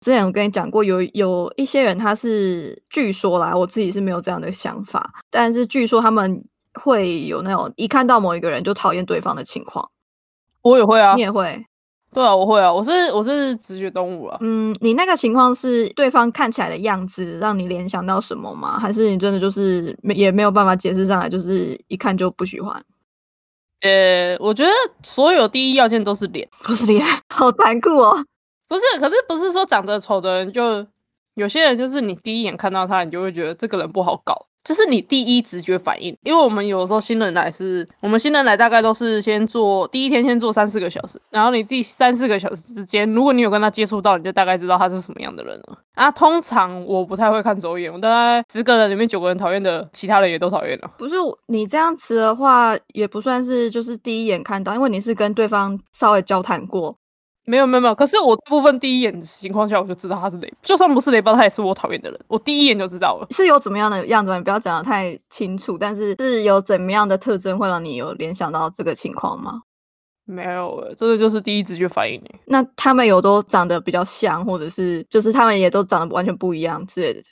之前我跟你講過，有有一些人他是據說啦，我自己是沒有這樣的想法，但是據說他們會有那種一看到某一個人就討厭對方的情況。我也會啊，你也會？對啊，我會啊，我是我是直覺動物啊。嗯，你那個情況是對方看起來的樣子讓你聯想到什麼嗎？還是你真的就是也沒沒有辦法解釋上來，就是一看就不喜歡？呃，我覺得所有第一要件都是臉，都是臉，好殘酷哦。不是，可是不是說長得醜的人，就有些人就是你第一眼看到他，你就會覺得這個人不好搞，就是你第一直覺反應。因為我們有時候新人來是我們新人來，大概都是先做第一天，先做三四個小時，然後你第三四個小時之間，如果你有跟他接觸到，你就大概知道他是什麼樣的人了。啊，通常我不太會看走眼，我大概十個人裡面九個人討厭的，其他人也都討厭了。不是，你這樣子的話，也不算是就是第一眼看到，因為你是跟對方稍微交談過。沒有沒有沒有，可是我部分第一眼的情況下，我就知道他是雷，就算不是雷包，他也是我討厭的人，我第一眼就知道了。是有怎麼樣的樣子嗎？你不要講的太清楚，但是是有怎麼樣的特徵會讓你有聯想到這個情況嗎？沒有，這個就是第一直覺反應耶。那他們有都長得比較像，或者是就是他們也都長得完全不一樣之類的。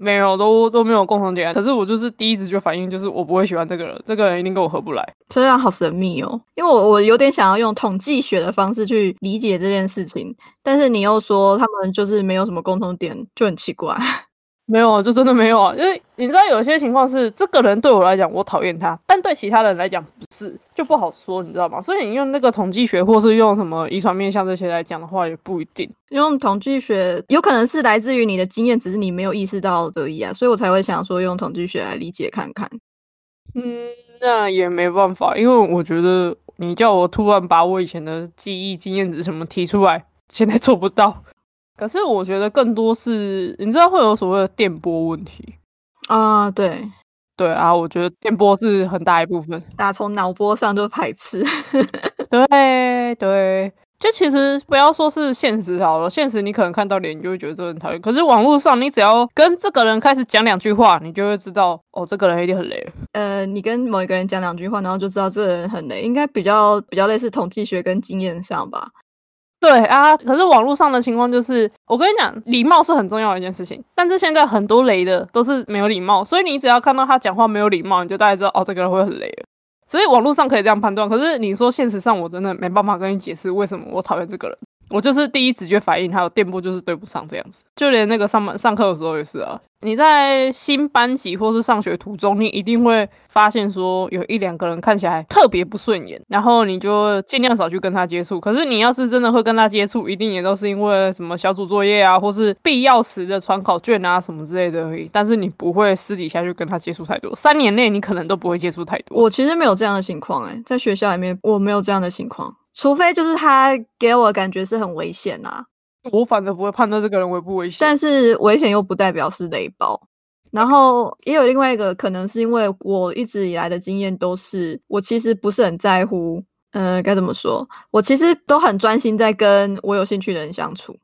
沒有，都都沒有共同點。可是我就是第一直覺反應就是，我不會喜歡這個人，這個人一定跟我合不來。這樣好神秘哦，因為我我有點想要用統計學的方式去理解這件事情，但是你又說他們就是沒有什麼共同點，就很奇怪。 沒有啊，就真的沒有啊，就是你知道，有些情況是這個人對我來講我討厭他，但對其他人來講不是，就不好說，你知道嗎？所以你用那個統計學，或是用什麼遺傳面相這些來講的話，也不一定。用統計學，有可能是來自於你的經驗，只是你沒有意識到的而已啊。所以我才會想說用統計學來理解看看。嗯，那也沒辦法，因為我覺得你叫我突然把我以前的記憶、經驗值什麼提出來，現在做不到。可是我覺得更多是你知道會有所謂的電波問題啊、呃，對對啊，我覺得電波是很大一部分，打從腦波上就排斥。 對對，就其實不要說是現實好了，現實你可能看到臉你就會覺得這個人討厭，可是網路上你只要跟這個人開始講兩句話，你就會知道哦，這個人一定很雷。呃，你跟某一個人講兩句話，然後就知道這個人很雷，應該比較比較類似統計學跟經驗上吧。對啊，可是網絡上的情況就是，我跟你講，禮貌是很重要的一件事情。但是現在很多雷的都是沒有禮貌，所以你只要看到他講話沒有禮貌，你就大概知道哦，這個人會很雷了。所以網絡上可以這樣判斷。可是你說，現實上我真的沒辦法跟你解釋為什麼我討厭這個人。我就是第一直覺反應，他有電波就是對不上這樣子，就連那個上班上課的時候也是啊。你在新班級或是上學途中，你一定會發現說有一兩個人看起來特別不順眼，然後你就儘量少去跟他接觸。可是你要是真的會跟他接觸，一定也都是因為什麼小組作業啊，或是必要時的傳考卷啊什麼之類的而已。但是你不會私底下去跟他接觸太多，三年內你可能都不會接觸太多。我其實沒有這樣的情況哎、欸，在學校裡面我沒有這樣的情況。除非就是他給我的感覺是很危險吶、啊，我反正不會判斷這個人危不危險。但是危險又不代表是雷包。然後也有另外一個可能，是因為我一直以來的經驗都是，我其實不是很在乎。嗯、呃，該怎麼說？我其實都很專心在跟我有興趣的人相處，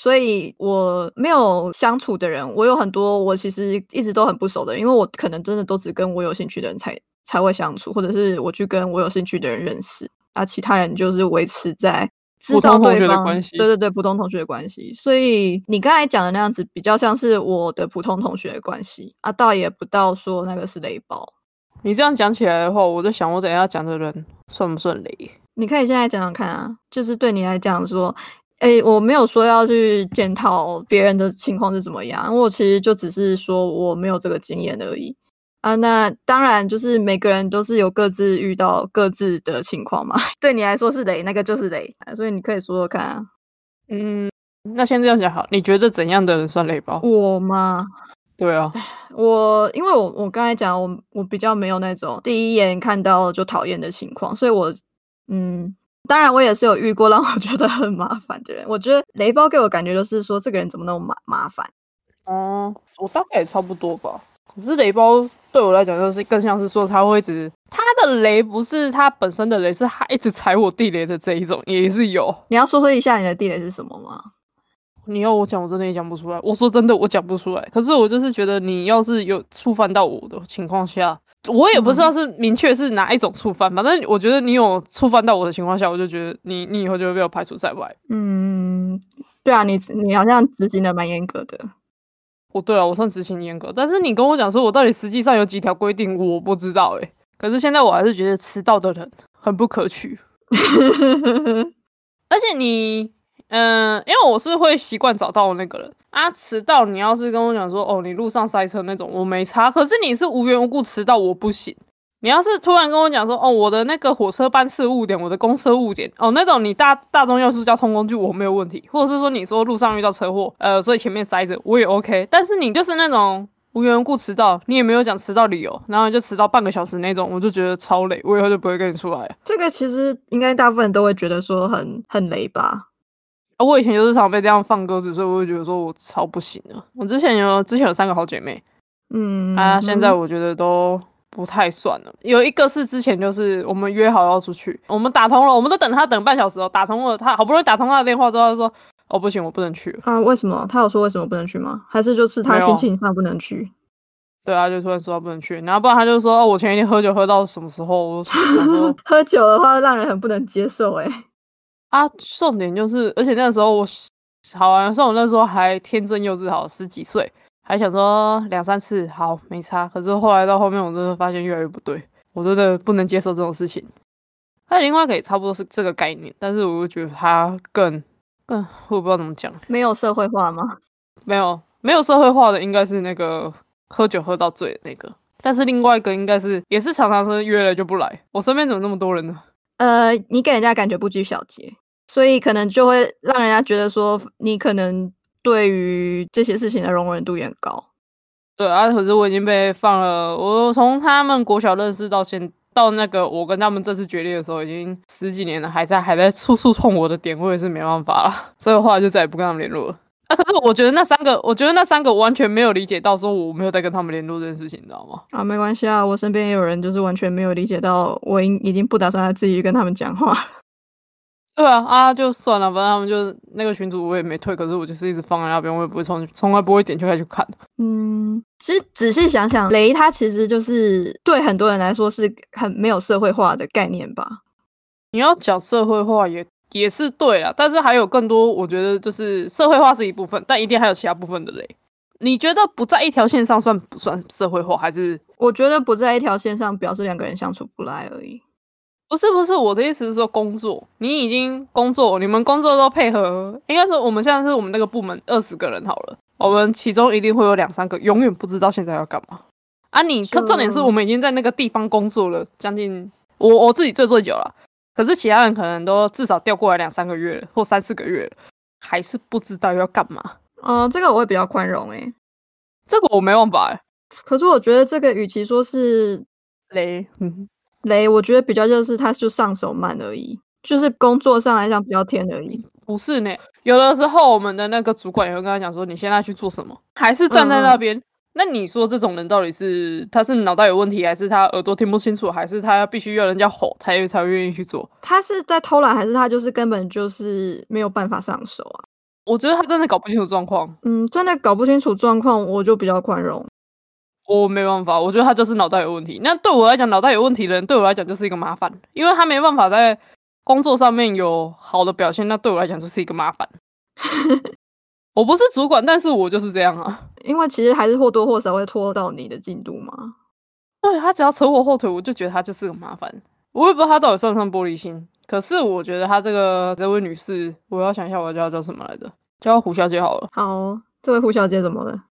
所以我沒有相處的人，我有很多我其實一直都很不熟的，因為我可能真的都只跟我有興趣的人才才會相處，或者是我去跟我有興趣的人認識。啊，其他人就是維持在知道對方，關係，對對對，普通同學的關係。所以你剛才講的那樣子，比較像是我的普通同學的關係啊，倒也不到說那個是雷包。你這樣講起來的話，我在想，我等下講的人順不順利。你可以現在講講看啊，就是對你來講說，哎、欸，我沒有說要去檢討別人的情況是怎麼樣，我其實就只是說我沒有這個經驗而已。啊，那當然，就是每個人都是有各自遇到各自的情況嘛。 對你來說是雷，那個就是雷。啊，所以你可以說說看啊。嗯，那先這樣講好。你覺得怎樣的人算雷包？我嗎嘛？對啊，我因為我我剛才講，我我比較沒有那種第一眼看到就討厭的情況，所以我嗯，當然我也是有遇過讓我覺得很麻煩的人。我覺得雷包給我感覺就是說，這個人怎麼那麼麻麻煩。哦、嗯，我大概也差不多吧。可是雷包。對我來講，就是更像是說，他會一直他的雷不是他本身的雷，是他一直踩我地雷的這一種也是有。你要說說一下你的地雷是什麼嗎？你要我講，我真的也講不出來。我說真的，我講不出來。可是我就是覺得，你要是有觸犯到我的情況下，我也不知道是明確是哪一種觸犯吧。嗯、但我覺得你有觸犯到我的情況下，我就覺得你你以後就會被我排除在外。嗯，對啊，你你好像執行的蠻嚴格的。哦，oh, 對了、啊，我算執行嚴格，但是你跟我講說，我到底實際上有幾條規定，我不知道誒，可是現在我還是覺得遲到的人很不可取。 而且你，嗯、呃，因為我是會習慣早到的那個人，啊，遲到，你要是跟我講說，哦，你路上塞車那種，我沒差。可是你是無緣無故遲到，我不行。你要是突然跟我講說，哦，我的那個火車班次誤點，我的公車誤點，哦，那種你大大眾運輸、交通工具我沒有問題，或者是說你說路上遇到車禍，呃，所以前面塞着，我也 OK。但是你就是那種無緣無故遲到，你也沒有講遲到理由，然後就遲到半個小時那種，我就覺得超雷。我以後就不會跟你出來。這個其實應該大部分都會覺得說很很雷吧。我以前就是常被這樣放鴿子，所以我會覺得說我超不行啊。我之前有之前有三個好姐妹，嗯啊，嗯現在我覺得都。不太算了，有一個是之前就是我們約好要出去，我們打通了，我們都等他等半小時哦，打通了他好不容易打通他的電話之後說，他說哦，不行，我不能去啊，為什麼？他有說為什麼不能去嗎？還是就是他心情上不能去？對啊，就突然說他不能去，然後不然他就說、哦、我前一天喝酒喝到什麼時候？我就就 喝酒的話讓人很不能接受誒。啊，重點就是，而且那時候我好像、啊、算我那時候還天真幼稚好，好十幾歲。還想說兩三次好沒差，可是後來到後面我真的發現越來越不對，我真的不能接受這種事情。他另外一個也差不多是這個概念，但是我覺得他更更我不知道怎麼講，沒有社會化嗎？沒有，沒有社會化的應該是那個喝酒喝到醉的那個，但是另外一個應該是也是常常是約了就不來。我身邊怎麼那麼多人呢？呃，你給人家感覺不拘小節，所以可能就會讓人家覺得說你可能。對於這些事情的容忍度也很高，對啊，可是我已經被放了。我從他們國小認識到現在，到那個我跟他們這次決裂的時候，已經十幾年了，還在還在處處碰我的點，我也是沒辦法了。所以我後來就再也不跟他們聯絡了。啊，可是我覺得那三個，我覺得那三個完全沒有理解到說我沒有在跟他們聯絡這件事情，你知道嗎？啊，沒關係啊，我身邊也有人就是完全沒有理解到我已已經不打算再繼續跟他們講話。對啊，啊，就算了，反正他們就那個群主，我也沒退。可是我就是一直放在那邊，我也不會從從來不會點開去看。嗯，其實仔細想想，雷他其實就是對很多人來說是很沒有社會化的概念吧？你要講社會化也也是對啦，但是還有更多，我覺得就是社會化是一部分，但一定還有其他部分的雷。你覺得不在一條線上算不算社會化？還是我覺得不在一條線上表示兩個人相處不來而已。不是不是，我的意思是說工作，你已經工作，你們工作都配合，應該說我們現在是我們那個部門二十個人好了，我們其中一定會有兩三個永遠不知道現在要幹嘛啊！你可重點是我們已經在那個地方工作了將近，我我自己最最久了，可是其他人可能都至少調過來兩三個月或三四個月，還是不知道要幹嘛。嗯，這個我會比較寬容誒，這個我沒辦法哎、欸，可是我覺得這個與其說是雷，嗯。雷，我覺得比較就是，他就上手慢而已，就是工作上來講比較甜而已。不是呢，有的時候我們的那個主管也會跟他講說，你現在去做什麼，還是站在那邊。嗯，那你說這種人到底是他是腦袋有問題，還是他耳朵聽不清楚，還是他要必須要人家吼才會才願意去做？他是在偷懶，還是他就是根本就是沒有辦法上手啊？我覺得他真的搞不清楚狀況。嗯，真的搞不清楚狀況，我就比較寬容。我沒辦法，我覺得他就是腦袋有問題。那對我來講，腦袋有問題的人對我來講就是一個麻煩，因為他沒辦法在工作上面有好的表現。那對我來講就是一個麻煩。 我不是主管，但是我就是這樣啊。因為其實還是或多或少會拖到你的進度嘛。對，他只要扯我後腿，我就覺得他就是個麻煩。我也不知道他到底算不算玻璃心，可是我覺得他這個這位女士，我要想一下，我要叫她叫什麼來着？叫胡小姐好了。好，這位胡小姐怎麼了？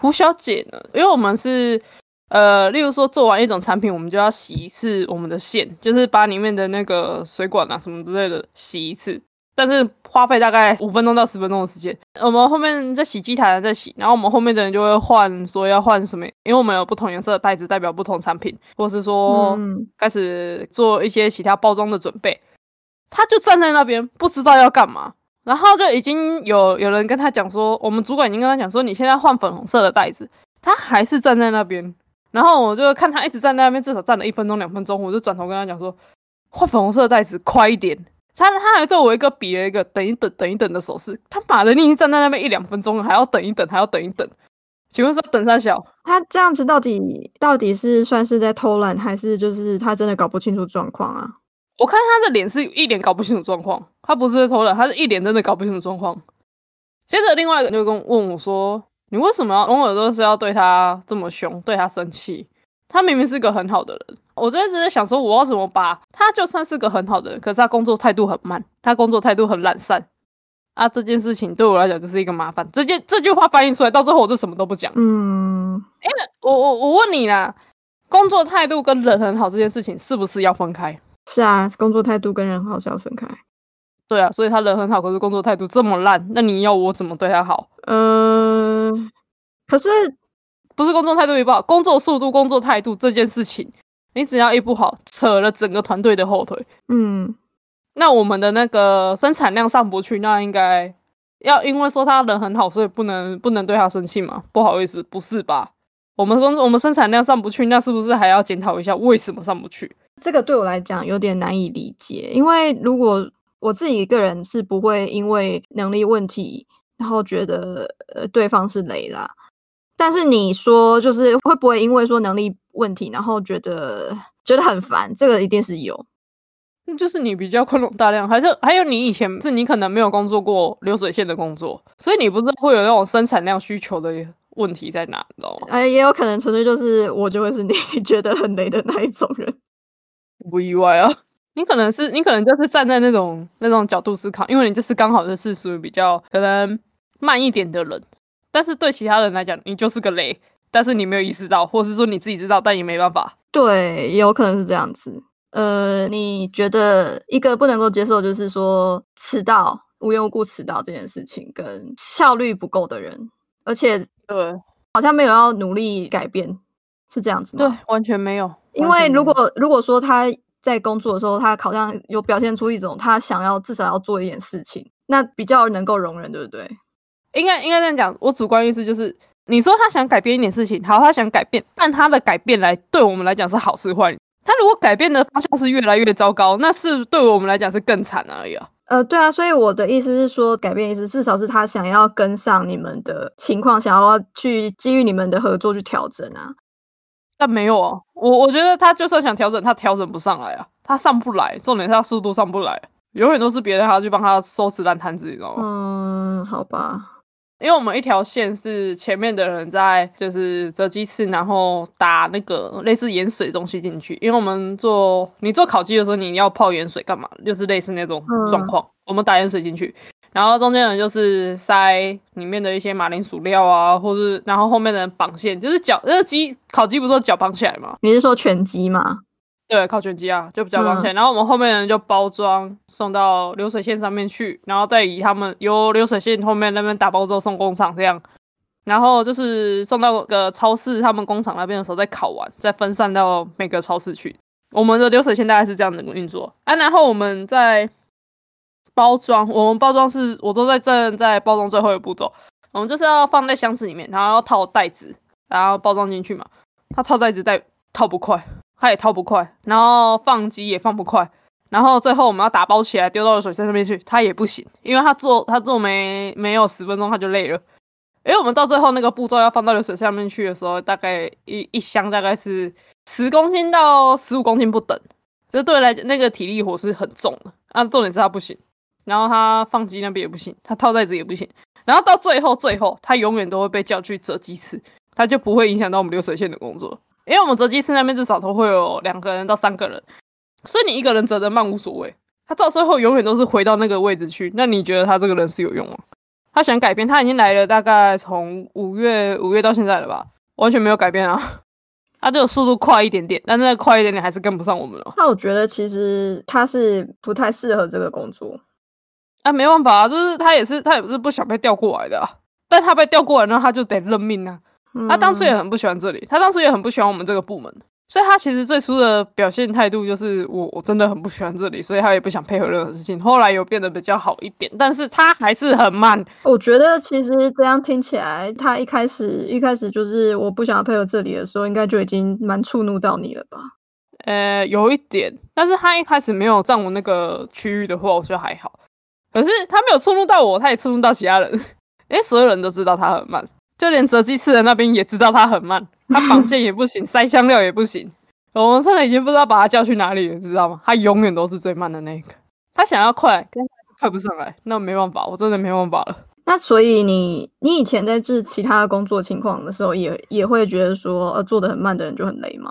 胡小姐呢？因為我們是，呃，例如說做完一種產品，我們就要洗一次我們的線，就是把裡面的那個水管啊什麼之類的洗一次，但是花費大概五分鐘到十分鐘的時間。我們後面在洗機台再、啊、洗，然後我們後面的人就會換，說要換什麼？因為我們有不同顏色的袋子代表不同產品，或者是說開始做一些其他包裝的準備。他就站在那邊，不知道要幹嘛。然後就已經有有人跟他講說，我們主管已經跟他講說，你現在換粉紅色的袋子，他還是站在那邊。然後我就看他一直站在那邊，至少站了一分鐘、兩分鐘。我就轉頭跟他講說，換粉紅色袋子，快一點！他他還做我一個比了一個等一等、等一等的手勢。他媽的你已經站在那邊一兩分鐘了，還要等一等，還要等一等。請問說等三小，他這樣子到底到底是算是在偷懶，還是就是他真的搞不清楚狀況啊？我看他的臉是一臉搞不清楚狀況，他不是偷懶，他是一臉真的搞不清楚狀況。接着另外一個人就跟問我說：“你為什麼要，偶爾都是要對他這麼凶，對他生氣？他明明是個很好的人。”我真的只是想說，我要怎麼把他就算是個很好的人，可是他工作態度很慢，他工作態度很懶散啊，這件事情對我來講就是一個麻煩。這件這句話翻譯出來，到最後我就什麼都不講。嗯，哎、欸，我我我問你啦，工作態度跟人很好這件事情是不是要分開？是啊，工作態度跟人好是要分開。對啊，所以他人很好，可是工作態度這麼爛，那你要我怎麼對他好？呃，可是不是工作態度也不好，工作速度、工作態度這件事情，你只要一不好，扯了整個團隊的後腿。嗯，那我們的那個生產量上不去，那應該要因為說他人很好，所以不能不能對他生氣嗎？不好意思，不是吧？我們說我們生產量上不去，那是不是還要檢討一下為什麼上不去？這個對我來講有點難以理解，因為如果我自己一個人是不會因為能力問題，然後覺得呃，對方是雷啦。但是你說就是會不會因為說能力問題，然後覺得覺得很煩？這個一定是有。那就是你比較寬容大量，還是還有你以前是你可能沒有工作過流水線的工作，所以你不知道會有那種生產量需求的問題在哪，你知道嗎？哎，也有可能純粹就是我就會是你覺得很雷的那一種人。不意外啊，你可能是你可能就是站在那種那種角度思考，因為你就是剛好是屬於比較可能慢一點的人，但是對其他人來講，你就是個雷，但是你沒有意識到，或是說你自己知道，但也沒辦法。對，也有可能是這樣子。呃，你覺得一個不能夠接受，就是說遲到、無緣無故遲到這件事情，跟效率不夠的人，而且對，好像沒有要努力改變。是這樣子嗎？對，完全沒有。因為如果如果說他在工作的時候，他好像有表現出一種他想要至少要做一點事情，那比較能夠容忍，對不對？應該應該這樣講。我主觀意思就是，你說他想改變一點事情，好，他想改變，但他的改變來，對我們來講是好是壞？他如果改變的方向是越來越糟糕，那是對我們來講是更慘而已啊。呃，對啊，所以我的意思是說，改變的意思至少是他想要跟上你們的情況，想要去基於你們的合作去調整啊。但沒有啊，我我覺得他就算想調整，他調整不上來啊，他上不來，重點是他速度上不來，永遠都是別人他去幫他收拾爛攤子你知道嗎？嗯，好吧，因為我們一條線是前面的人在就是折雞翅，然後打那個類似鹽水的東西進去，因為我們做你做烤雞的時候，你要泡鹽水幹嘛？就是類似那種狀況，嗯、我們打鹽水進去。然後中間人就是塞裡面的一些馬鈴薯料啊，或是然後後面的人綁線，就是腳那個雞烤雞不是說腳綁起來嗎？你是說全雞嗎？對，烤全雞啊，就腳綁起來。嗯、然後我們後面人就包裝送到流水線上面去，然後再以他們由流水線後面那邊打包之後送工廠這樣，然後就是送到個超市，他們工廠那邊的時候再烤完，再分散到每個超市去。我們的流水線大概是這樣子的一個運作。啊然後我們再。包裝，我們包裝是，我都在正在包裝最後一步驟，我們就是要放在箱子裡面，然後要套袋子，然後包裝進去嘛。他套袋子帶，套不快，他也套不快，然後放機也放不快，然後最後我們要打包起來丟到流水線上面去，他也不行，因為他做他做，沒沒有十分鐘他就累了。因為我們到最後那個步驟要放到流水線上面去的時候，大概一一箱，大概是十公斤到十五公斤不等，這，就是，對來那個體力活是很重的按、啊、重點是他不行。然後他放雞那邊也不行，他套袋子也不行，然後到最後最後，他永遠都會被叫去折雞翅，他就不會影響到我們流水線的工作，因為我們折雞翅那邊至少都會有兩個人到三個人，所以你一個人折得慢無所謂，他到最後永遠都是回到那個位置去。那你覺得他這個人是有用嗎？他想改變，他已經來了大概從五月五月到現在了吧，完全沒有改變啊，他只有速度快一點點，但那快一點點還是跟不上我們了。那我覺得其實他是不太適合這個工作。啊，沒辦法啊，就是他也是，他也不是不想被調過來的啊，但他被調過來，那他就得認命啊。嗯，他當時也很不喜歡這裡，他當時也很不喜歡我們這個部門，所以他其實最初的表現態度就是我，我真的很不喜歡這裡，所以他也不想配合任何事情。後來有變得比較好一點，但是他還是很慢。我覺得其實這樣聽起來，他一開始一開始就是我不想要配合這裡的時候，應該就已經蠻觸怒到你了吧？呃，有一點，但是他一開始沒有佔我那個區域的話，我覺得還好。可是他沒有觸碰到我，他也觸碰到其他人。誒、欸、所有人都知道他很慢，就連折雞翅的那邊也知道他很慢。他綁線也不行， 塞香料也不行。我們真的已經不知道把他叫去哪裡了，知道嗎？他永遠都是最慢的那一個。他想要快，跟快不上來，那我沒辦法，我真的沒辦法了。那所以你，你以前在治其他工作情況的時候也，也也會覺得說，呃，做的很慢的人就很雷嗎？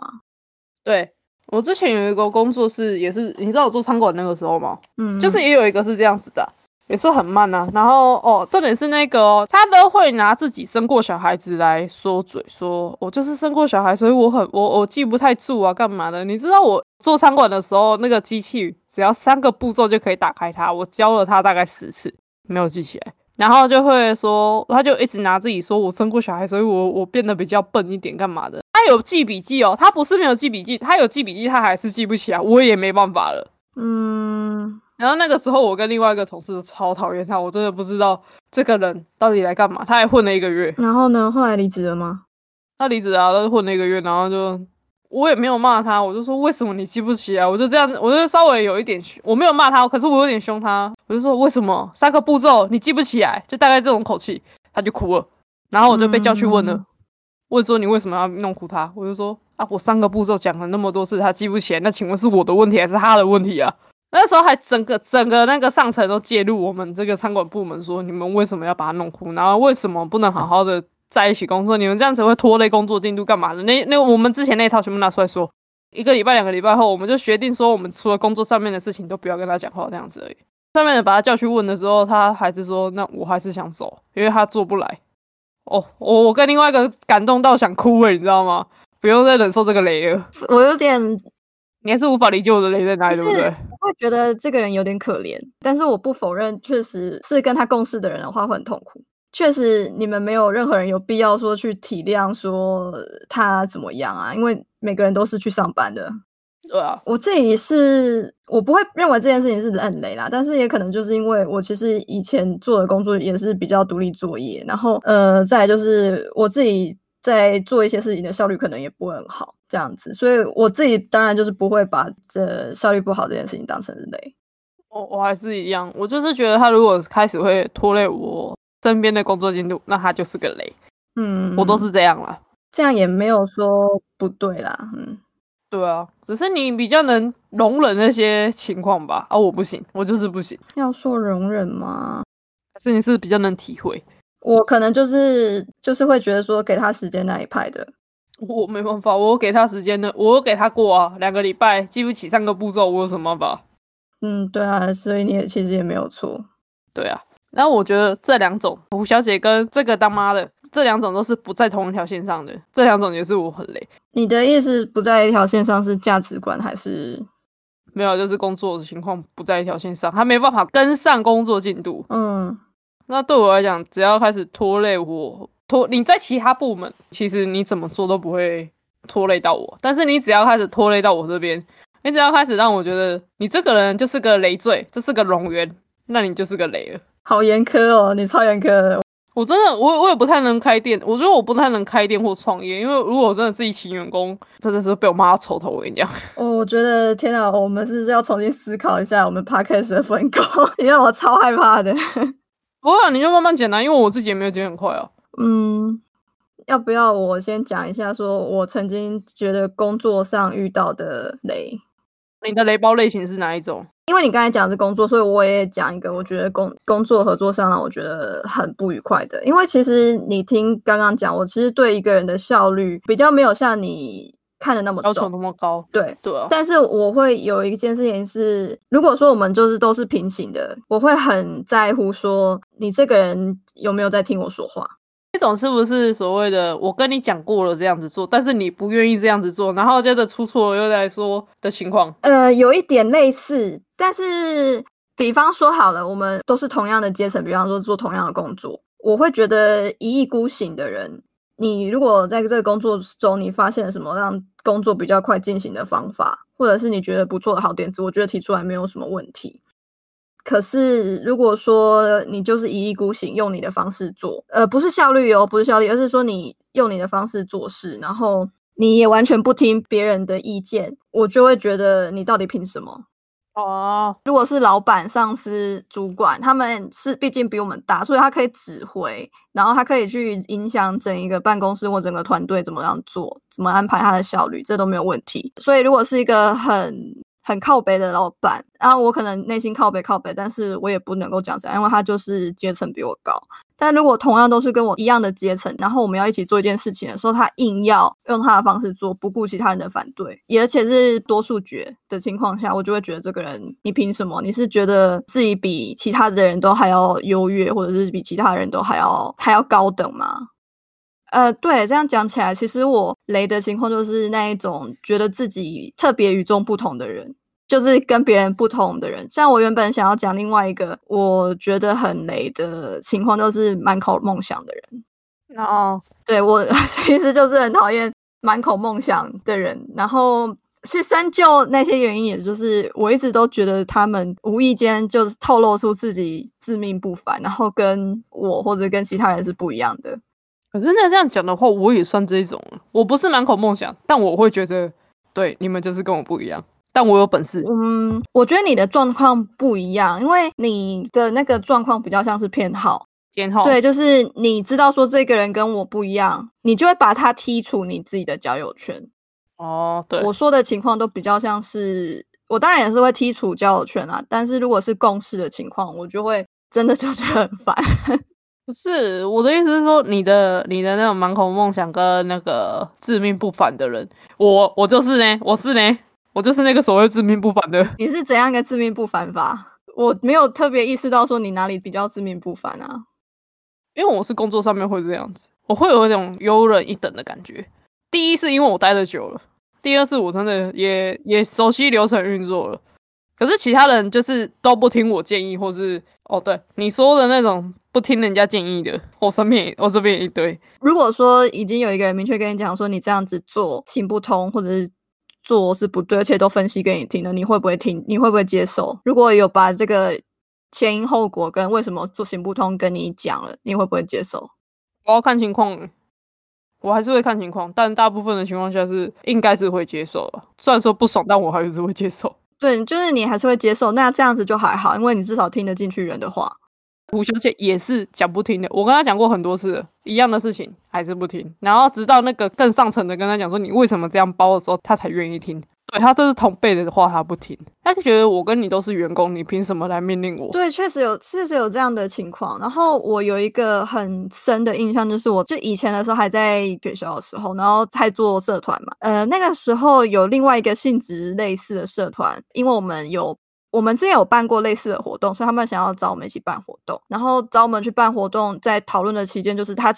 對。我之前有一個工作是也是，你知道我做餐館那個時候嗎？嗯，就是也有一個是這樣子的，也是很慢啊。然後哦，重點是那個、哦、他都會拿自己生過小孩子來說嘴，說我就是生過小孩，所以我很我我記不太住啊，幹嘛的？你知道我做餐館的時候，那個機器只要三個步驟就可以打開它，我教了他大概十次，沒有記起來。然後就會說，他就一直拿自己說，我生過小孩，所以我我變得比較笨一點，幹嘛的？他有記筆記哦，他不是沒有記筆記，他有記筆記，他還是記不起來啊，我也沒辦法了。嗯，然後那個時候我跟另外一個同事超討厭他，我真的不知道這個人到底來幹嘛。他還混了一個月，然後呢？後來離職了嗎？他離職啊，他混了一個月，然後就。我也沒有罵他，我就說為什麼你記不起來、啊？我就這樣子，我就稍微有一點凶，我沒有罵他，可是我有點凶他，我就說為什麼三個步驟你記不起來？就大概這種口氣，他就哭了，然後我就被叫去問了，嗯嗯問說你為什麼要弄哭他？我就說啊，我三個步驟講了那麼多次，他記不起來，那請問是我的問題還是他的問題啊？那時候還整個整個那個上層都介入我們這個餐館部門，說你們為什麼要把他弄哭？然後為什麼不能好好的？在一起工作，你們這樣子會拖累工作進度，幹嘛的？那那我們之前那一套全部拿出來說，一個禮拜、兩個禮拜後，我們就決定說，我們除了工作上面的事情，都不要跟他講話，這樣子而已。上面的把他叫去問的時候，他還是說，那我還是想走，因為他做不來。哦，我我跟另外一個感動到想哭，欸，你知道嗎？不用再忍受這個雷了。我有點，你還是無法理解我的雷在哪裡，不是，對不對？我會覺得這個人有點可憐，但是我不否認，確實是跟他共事的人的話會很痛苦。確實，你們沒有任何人有必要說去體諒說他怎麼樣啊，因為每個人都是去上班的。對啊，我自己是我不會認為這件事情是很雷啦，但是也可能就是因為我其實以前做的工作也是比較獨立作業，然後呃，再來就是我自己在做一些事情的效率可能也不會很好，這樣子，所以我自己當然就是不會把這效率不好這件事情當成雷。我我還是一樣，我就是覺得他如果開始會拖累我。身邊的工作進度，那他就是個雷。嗯，我都是這樣啦，這樣也沒有說不對啦。嗯，對啊，只是你比較能容忍那些情況吧？啊，我不行，我就是不行。要說容忍嗎？還是你是比較能體會？我可能就是就是會覺得說給他時間那一派的。我沒辦法，我給他時間呢，我給他過啊，兩個禮拜記不起上個步驟，我有什麼辦法。嗯，對啊，所以你也其實也沒有錯。對啊。那我覺得這兩種，吳小姐跟這個當媽的，這兩種都是不在同一條線上的。這兩種也是我很雷。你的意思不在一條線上是價值觀還是？沒有，就是工作的情況不在一條線上，他沒辦法跟上工作進度。嗯，那對我來講，只要開始拖累我拖，你在其他部門，其實你怎麼做都不會拖累到我。但是你只要開始拖累到我這邊，你只要開始讓我覺得你這個人就是個累贅，就是個冗員，那你就是個雷了。好嚴苛哦，你超嚴苛的。我真的，我我也不太能開店。我覺得我不太能開店或創業，因為如果我真的自己請員工，真的是被我罵到臭頭，我跟你講。哦，我覺得天啊，我們是不是要重新思考一下我們 Podcast 的分工，因為我超害怕的。不過啊，你就慢慢剪啊，因為我自己也沒有剪很快哦、啊。嗯，要不要我先講一下，說我曾經覺得工作上遇到的雷。你的雷包類型是哪一種？因為你剛才講的是工作，所以我也講一個，我覺得工工作合作上，我覺得很不愉快的。因為其實你聽剛剛講，我其實對一個人的效率比較沒有像你看的那麼要求那麼高。對對，對哦，但是我會有一件事情是，如果說我們就是都是平行的，我會很在乎說你這個人有沒有在聽我說話。這種是不是所謂的我跟你講過了這樣子做，但是你不願意這樣子做，然後接着出錯了又再說的情況？呃，有一點類似。但是，比方說好了，我們都是同樣的階層，比方說做同樣的工作，我會覺得一意孤行的人，你如果在這個工作中你發現了什麼讓工作比較快進行的方法，或者是你覺得不錯的好點子，我覺得提出來沒有什麼問題。可是，如果說你就是一意孤行，用你的方式做，呃，不是效率哦，不是效率，而是說你用你的方式做事，然後你也完全不聽別人的意見，我就會覺得你到底憑什麼？哦，oh. 如果是老闆、上司、主管，他們是畢竟比我們大，所以他可以指揮，然後他可以去影響整一個辦公室或整個團隊怎麼樣做，怎麼安排他的效率，這都沒有問題。所以如果是一個很很靠北的老闆，然、啊、後我可能內心靠北靠北，但是我也不能夠講啥，因為他就是階層比我高。但如果同樣都是跟我一樣的階層，然後我們要一起做一件事情的時候，他硬要用他的方式做，不顧其他人的反對，也而且是多數決的情況下，我就會覺得這個人，你憑什麼？你是覺得自己比其他的人都還要優越，或者是比其他人都還要還要高等嗎？呃，對，這樣講起來，其實我雷的情況就是那一種覺得自己特別與眾不同的人。就是跟別人不同的人，像我原本想要講另外一個我覺得很雷的情況，就是滿口夢想的人。哦，oh，對，我其實就是很討厭滿口夢想的人，然後去深究那些原因，也就是我一直都覺得他們無意間就是透露出自己自命不凡，然後跟我或者跟其他人是不一樣的。可是那這樣講的話，我也算這一種，我不是滿口夢想，但我會覺得，對，你們就是跟我不一樣。但我有本事。嗯，我覺得你的狀況不一樣，因為你的那個狀況比較像是偏好。偏好。對，就是你知道說這個人跟我不一樣，你就會把他踢出你自己的交友圈。哦，對。我說的情況都比較像是，我當然也是會踢出交友圈啊。但是如果是共事的情況，我就會真的就覺得很煩。 不是，我的意思是說，你的你的那種滿口夢想跟那個自命不凡的人，我我就是呢，我是呢。我就是那個所謂自命不凡的。你是怎樣一個自命不凡法？我沒有特別意識到說你哪裡比較自命不凡啊。因為我是工作上面會這樣子，我會有一種優人一等的感覺。第一是因為我待得久了，第二是我真的也也熟悉流程運作了。可是其他人就是都不聽我建議，或是哦對，你說的那種不聽人家建議的，我身邊我這邊一堆。如果說已經有一個人明確跟你講說你這樣子做行不通，或者是。做是不對，而且都分析給你聽了，你會不會聽？你會不會接受？如果有把這個前因後果跟為什麼做行不通跟你講了，你會不會接受？我要看情況，我還是會看情況，但大部分的情況下是應該是會接受吧。雖然說不爽，但我還是會接受。對，就是你還是會接受，那這樣子就還好，因為你至少聽得進去人的話。吳小姐也是講不聽的，我跟她講過很多次一樣的事情，還是不聽。然後直到那個更上層的跟她講說你為什麼這樣包的時候，她才願意聽。對，她都是同輩的話，她不聽，她就覺得我跟你都是員工，你憑什麼來命令我？對，確實有，確實有這樣的情況。然後我有一個很深的印象，就是我就以前的時候還在學校的時候，然後在做社團嘛，呃，那個時候有另外一個性質類似的社團，因為我們有。我們之前有辦過類似的活動，所以他們想要找我們一起辦活動，然後找我們去辦活動。在討論的期間，就是他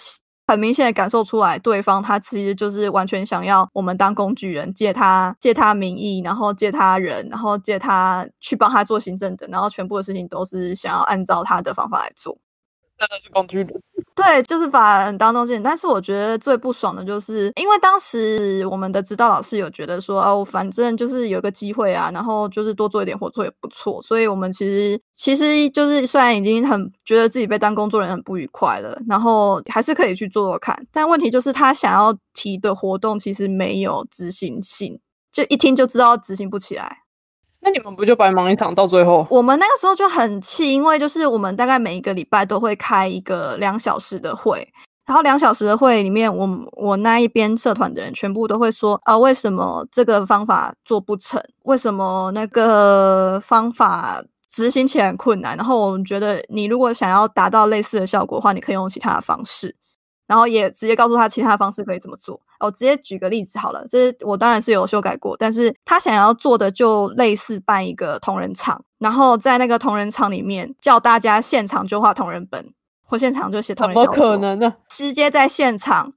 很明顯的感受出來，對方他其實就是完全想要我們當工具人，借他借他名義，然後借他人，然後借他去幫他做行政的，然後全部的事情都是想要按照他的方法來做，真的是工具人。對，就是把人當東西。但是我覺得最不爽的就是，因為當時我們的指導老師有覺得說，哦，反正就是有個機會啊，然後就是多做一點活做也不錯。所以我們其實其實就是雖然已經很覺得自己被當工作人很不愉快了，然後還是可以去做做看。但問題就是他想要提的活動其實沒有執行性，就一聽就知道執行不起來。那你們不就白忙一場到最後？我們那個時候就很氣，因為就是我們大概每一個禮拜都會開一個兩小時的會，然後兩小時的會裡面，我我那一邊社團的人全部都會說啊，為什麼這個方法做不成？為什麼那個方法執行起來很困難？然後我們覺得，你如果想要達到類似的效果的話，你可以用其他的方式。然後也直接告訴他其他方式可以怎麼做哦，直接舉個例子好了，這是我當然是有修改過，但是他想要做的就類似辦一個同人場，然後在那個同人場裡面叫大家現場就畫同人本或現場就寫同人小說。啊、不可能呢、啊？直接在現場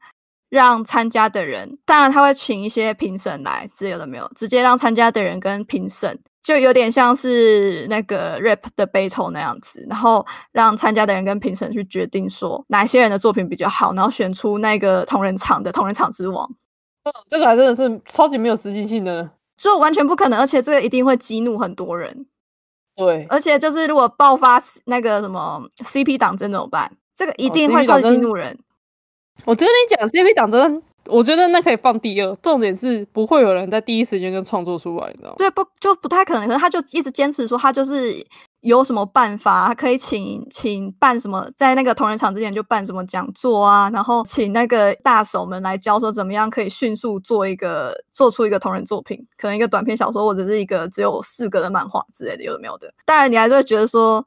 讓參加的人，當然他會請一些評審來，這有的沒有，直接讓參加的人跟評審。就有點像是那個 rap 的 battle 那樣子，然後讓參加的人跟評審去決定說哪些人的作品比較好，然後選出那個同人場的同人場之王、哦。這個還真的是超級沒有實際性的，就完全不可能，而且這個一定會激怒很多人。對，而且就是如果爆發那個什麼 CP 黨爭怎麼辦？這個一定會超級激怒人。哦、我覺得你講 CP 黨爭。我覺得那可以放第二，重點是不會有人在第一時間就創作出來的，對，不就不太可能。可能他就一直堅持說，他就是有什麼辦法，他可以請請辦什麼，在那個同人場之前就辦什麼講座啊，然後請那個大手們來教授怎麼樣可以迅速做一個做出一個同人作品，可能一個短篇小說或者是一個只有四格的漫畫之類的，有的沒有的。當然，你還是會覺得說，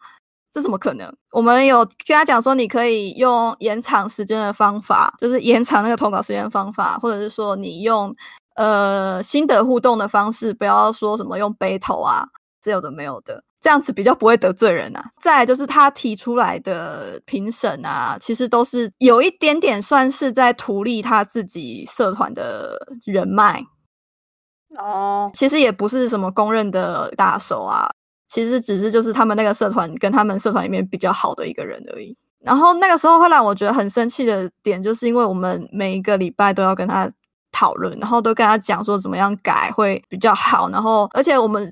這怎麼可能？我們有跟他講說，你可以用延長時間的方法，就是延長那個投稿時間的方法，或者是說你用呃心得互動的方式，不要說什麼用背 a 啊，這有的沒有的，這樣子比較不會得罪人啊。再來就是他提出來的評審啊，其實都是有一點點算是在圖利他自己社團的人脈哦，oh. 其實也不是什麼公認的大手啊。其實只是就是他們那個社團跟他們社團裡面比較好的一個人而已。然後那個時候會讓我覺得很生氣的點，就是因為我們每一個禮拜都要跟他討論，然後都跟他講說怎麼樣改會比較好。然後而且我們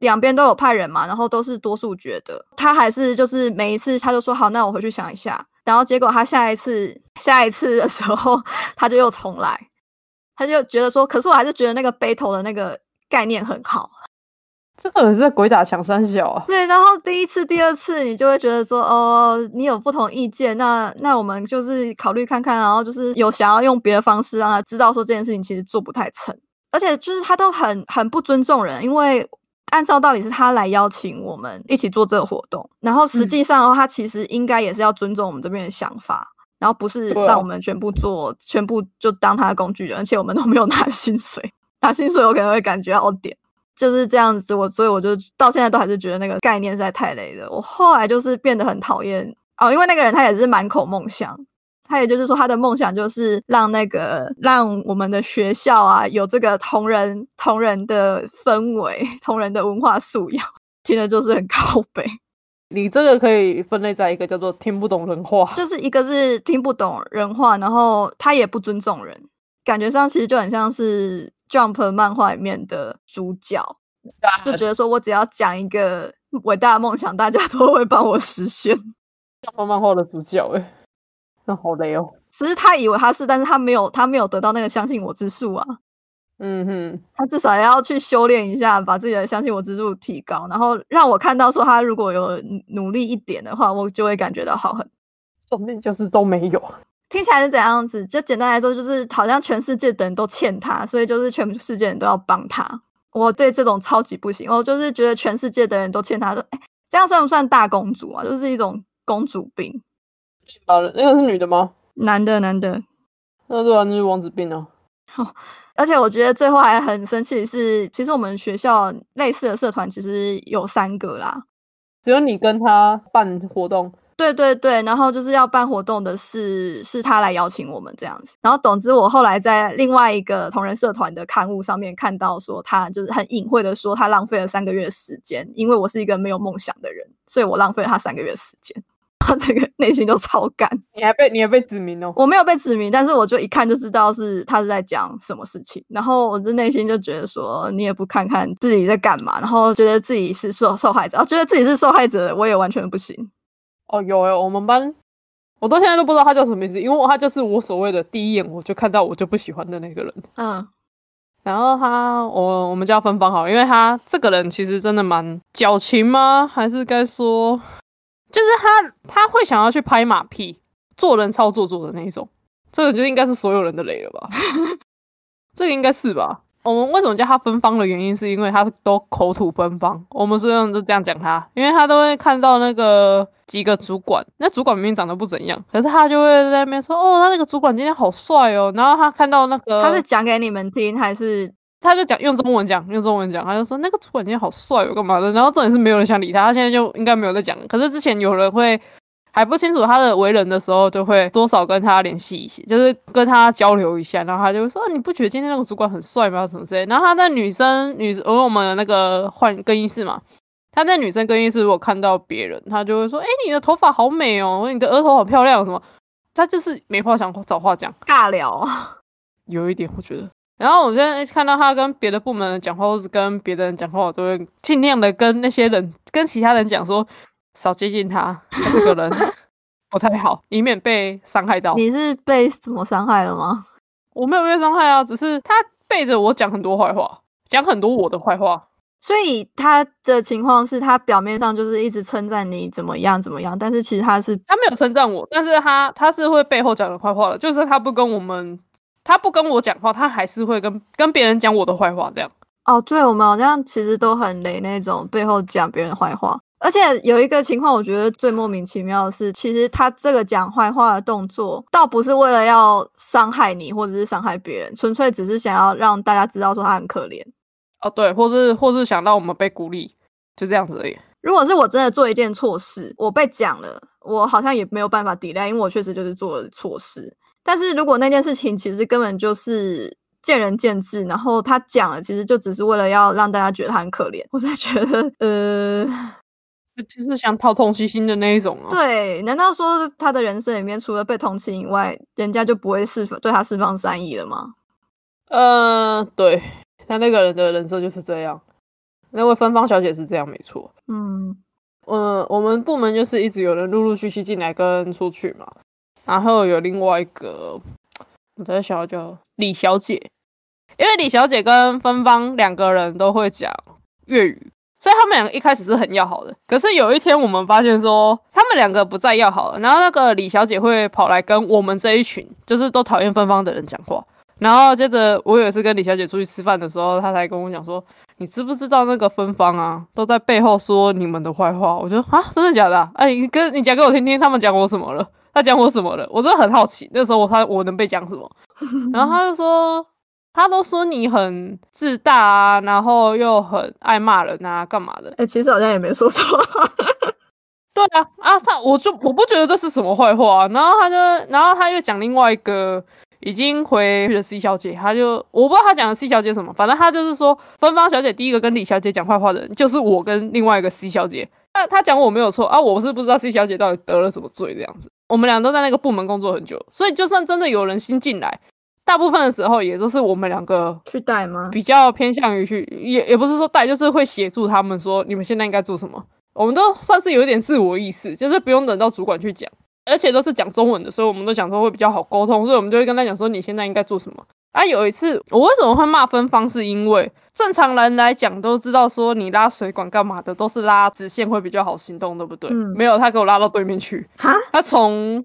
兩邊都有派人嘛，然後都是多數覺得他還是就是每一次他就說好，那我回去想一下。然後結果他下一次下一次的時候他就又重來，他就覺得說，可是我還是覺得那個 battle 的那個概念很好。這個人是在鬼打牆三小啊！對，然後第一次、第二次，你就會覺得說，哦，你有不同意見，那那我們就是考慮看看，然後就是有想要用別的方式讓他知道說這件事情其實做不太成，而且就是他都很很不尊重人，因為按照道理是他來邀請我們一起做這個活動，然後實際上的話，嗯、他其實應該也是要尊重我們這邊的想法，然後不是讓我們全部做，對全部就當他的工具人，而且我們都沒有拿薪水，拿薪水我可能會感覺到點。就是這樣子，我所以我就到現在都還是覺得那個概念實在太雷了。我後來就是變得很討厭哦，因為那個人他也是滿口夢想，他也就是說他的夢想就是讓那個讓我們的學校啊有這個同人同人的氛圍、同人的文化素養，聽的就是很靠北。你這個可以分類在一個叫做聽不懂人話，就是一個是聽不懂人話，然後他也不尊重人，感覺上其實就很像是。Jump 漫畫裡面的主角，就覺得說我只要講一個偉大的夢想，大家都會幫我實現。漫畫的主角，哎，那好累哦、喔。其實他以為他是，但是他沒有，他沒有得到那個相信我之術啊。嗯哼，他至少要去修煉一下，把自己的相信我之術提高，然後讓我看到說他如果有努力一點的話，我就會感覺到好很。重點就是都沒有。聽起來是怎樣子？就簡單來說，就是好像全世界的人都欠他，所以就是全世界人都要幫他。我對這種超級不行，我就是覺得全世界的人都欠他，說哎，這樣算不算大公主啊？就是一種公主病。那個是女的嗎？男的，男的。那個對啊，就是王子病啊。好、哦，而且我覺得最後還很生氣是，其實我們學校類似的社團其實有三個啦，只有你跟他辦活動。對對對，然後就是要辦活動的是是他來邀請我們這樣子。然後總之，我後來在另外一個同人社團的刊物上面看到說，他就是很隱晦的說，他浪費了三個月時間，因為我是一個沒有夢想的人，所以我浪費了他三個月時間。他這個內心都超幹你。你還被你還被指名哦？我沒有被指名，但是我就一看就知道是他是在講什麼事情。然後我這內心就覺得說，你也不看看自己在幹嘛，然後覺得自己是受受害者，然後，覺得自己是受害者，我也完全不行。哦，有誒，我們班，我到現在都不知道他叫什麼名字，因為他就是我所謂的第一眼我就看到我就不喜歡的那個人。嗯，然後他，我我們叫芬芳好，因為他這個人其實真的蠻矯情嗎？還是該說，就是他他會想要去拍馬屁，做人超做作的那一種，這個就應該是所有人的雷了吧？ 這個應該是吧？我們為什麼叫他芬芳的原因，是因為他都口吐芬芳。我們所有人都這樣講他，因為他都會看到那個幾個主管，那主管明明長得不怎樣，可是他就會在那邊說：“哦，他那個主管今天好帥哦。”然後他看到那個，他是講給你們聽，還是他就講用中文講？用中文講，他就說那個主管今天好帥哦，幹嘛的？然後這也是沒有人想理他，他現在就應該沒有在講。可是之前有人會。還不清楚他的為人的時候，就會多少跟他聯繫一些，就是跟他交流一下，然後他就會說：“啊、你不覺得今天那個主管很帥嗎？”什麼之類。然後他在女生女，因、呃、為我們的那個換更衣室嘛，他在女生更衣室如果看到別人，他就會說：“哎、欸，你的頭髮好美哦，你的額頭好漂亮什麼。”他就是沒話想找話講，尬聊啊。 有一點我覺得，然後我現在看到他跟別的部門講話，或者跟別人講話，我都會盡量的跟那些人跟其他人講說。少接近他這個人，不 太好，以免被傷害到。你是被什麼傷害了嗎？我沒有被傷害啊，只是他背着我講很多壞話，講很多我的壞話。所以他的情況是他表面上就是一直稱讚你怎麼樣怎麼樣，但是其實他是他沒有稱讚我，但是他他是會背後講的壞話的，就是他不跟我們，他不跟我講話，他還是會跟跟別人講我的壞話這樣。哦，對，我們好像其實都很雷那種背後講別人壞話。而且有一個情況，我覺得最莫名其妙的是，其實他這個講壞話的動作，倒不是為了要傷害你，或者是傷害別人，純粹只是想要讓大家知道說他很可憐。哦，對，或是或是想讓我們被孤立，就這樣子而已。如果是我真的做一件錯事，我被講了，我好像也沒有辦法抵賴，因為我確實就是做了錯事。但是如果那件事情其實根本就是見仁見智，然後他講了，其實就只是為了要讓大家覺得他很可憐。我才覺得，呃。就是想討同情心的那一種啊。對，難道說他的人生裡面除了被同情以外，人家就不會釋對他釋放善意了嗎？呃，對，他那個人的人設就是這樣。那位芬芳小姐是這樣，沒錯。嗯嗯、呃，我們部門就是一直有人陸陸續續進來跟出去嘛。然後有另外一個，我在想叫李小姐，因為李小姐跟芬芳兩個人都會講粵語。所以他們兩個一開始是很要好的，可是有一天我們發現說他們兩個不再要好了。然後那個李小姐會跑來跟我們這一群就是都討厭芬芳的人講話。然後接着我有一次跟李小姐出去吃飯的時候，她才跟我講說，你知不知道那個芬芳啊，都在背後說你們的壞話？我就說啊，真的假的，啊？哎，啊，你跟你講給我聽聽，他們講我什麼了？他講我什麼了？我真的很好奇。那時候我他我能被講什麼？然後他就說。他都說你很自大啊，然後又很愛罵人啊，幹嘛的？哎、欸，其實好像也沒說錯。 對啊，啊，他我就我不覺得這是什麼壞話。啊。然後他就，然後他又講另外一個已經回去了 C 小姐，他就我不知道他講的 C 小姐什麼，反正他就是說芬芳小姐第一個跟李小姐講壞話的人就是我跟另外一個 C 小姐。那他講我沒有錯啊，我是不知道 C 小姐到底得了什麼罪這樣子。我們倆都在那個部門工作很久，所以就算真的有人新進來。大部分的時候也都是我們兩個去帶嗎？比較偏向於去，去也也不是說帶，就是會協助他們說你們現在應該做什麼。我們都算是有一點自我意識，就是不用等到主管去講，而且都是講中文的，所以我們都講說會比較好溝通，所以我們就會跟他講說你現在應該做什麼。啊，有一次我為什麼會罵芬芳，是因為正常人來講都知道說你拉水管幹嘛的，都是拉直線會比較好行動，對不對？嗯。沒有，他給我拉到對面去。蛤？他從。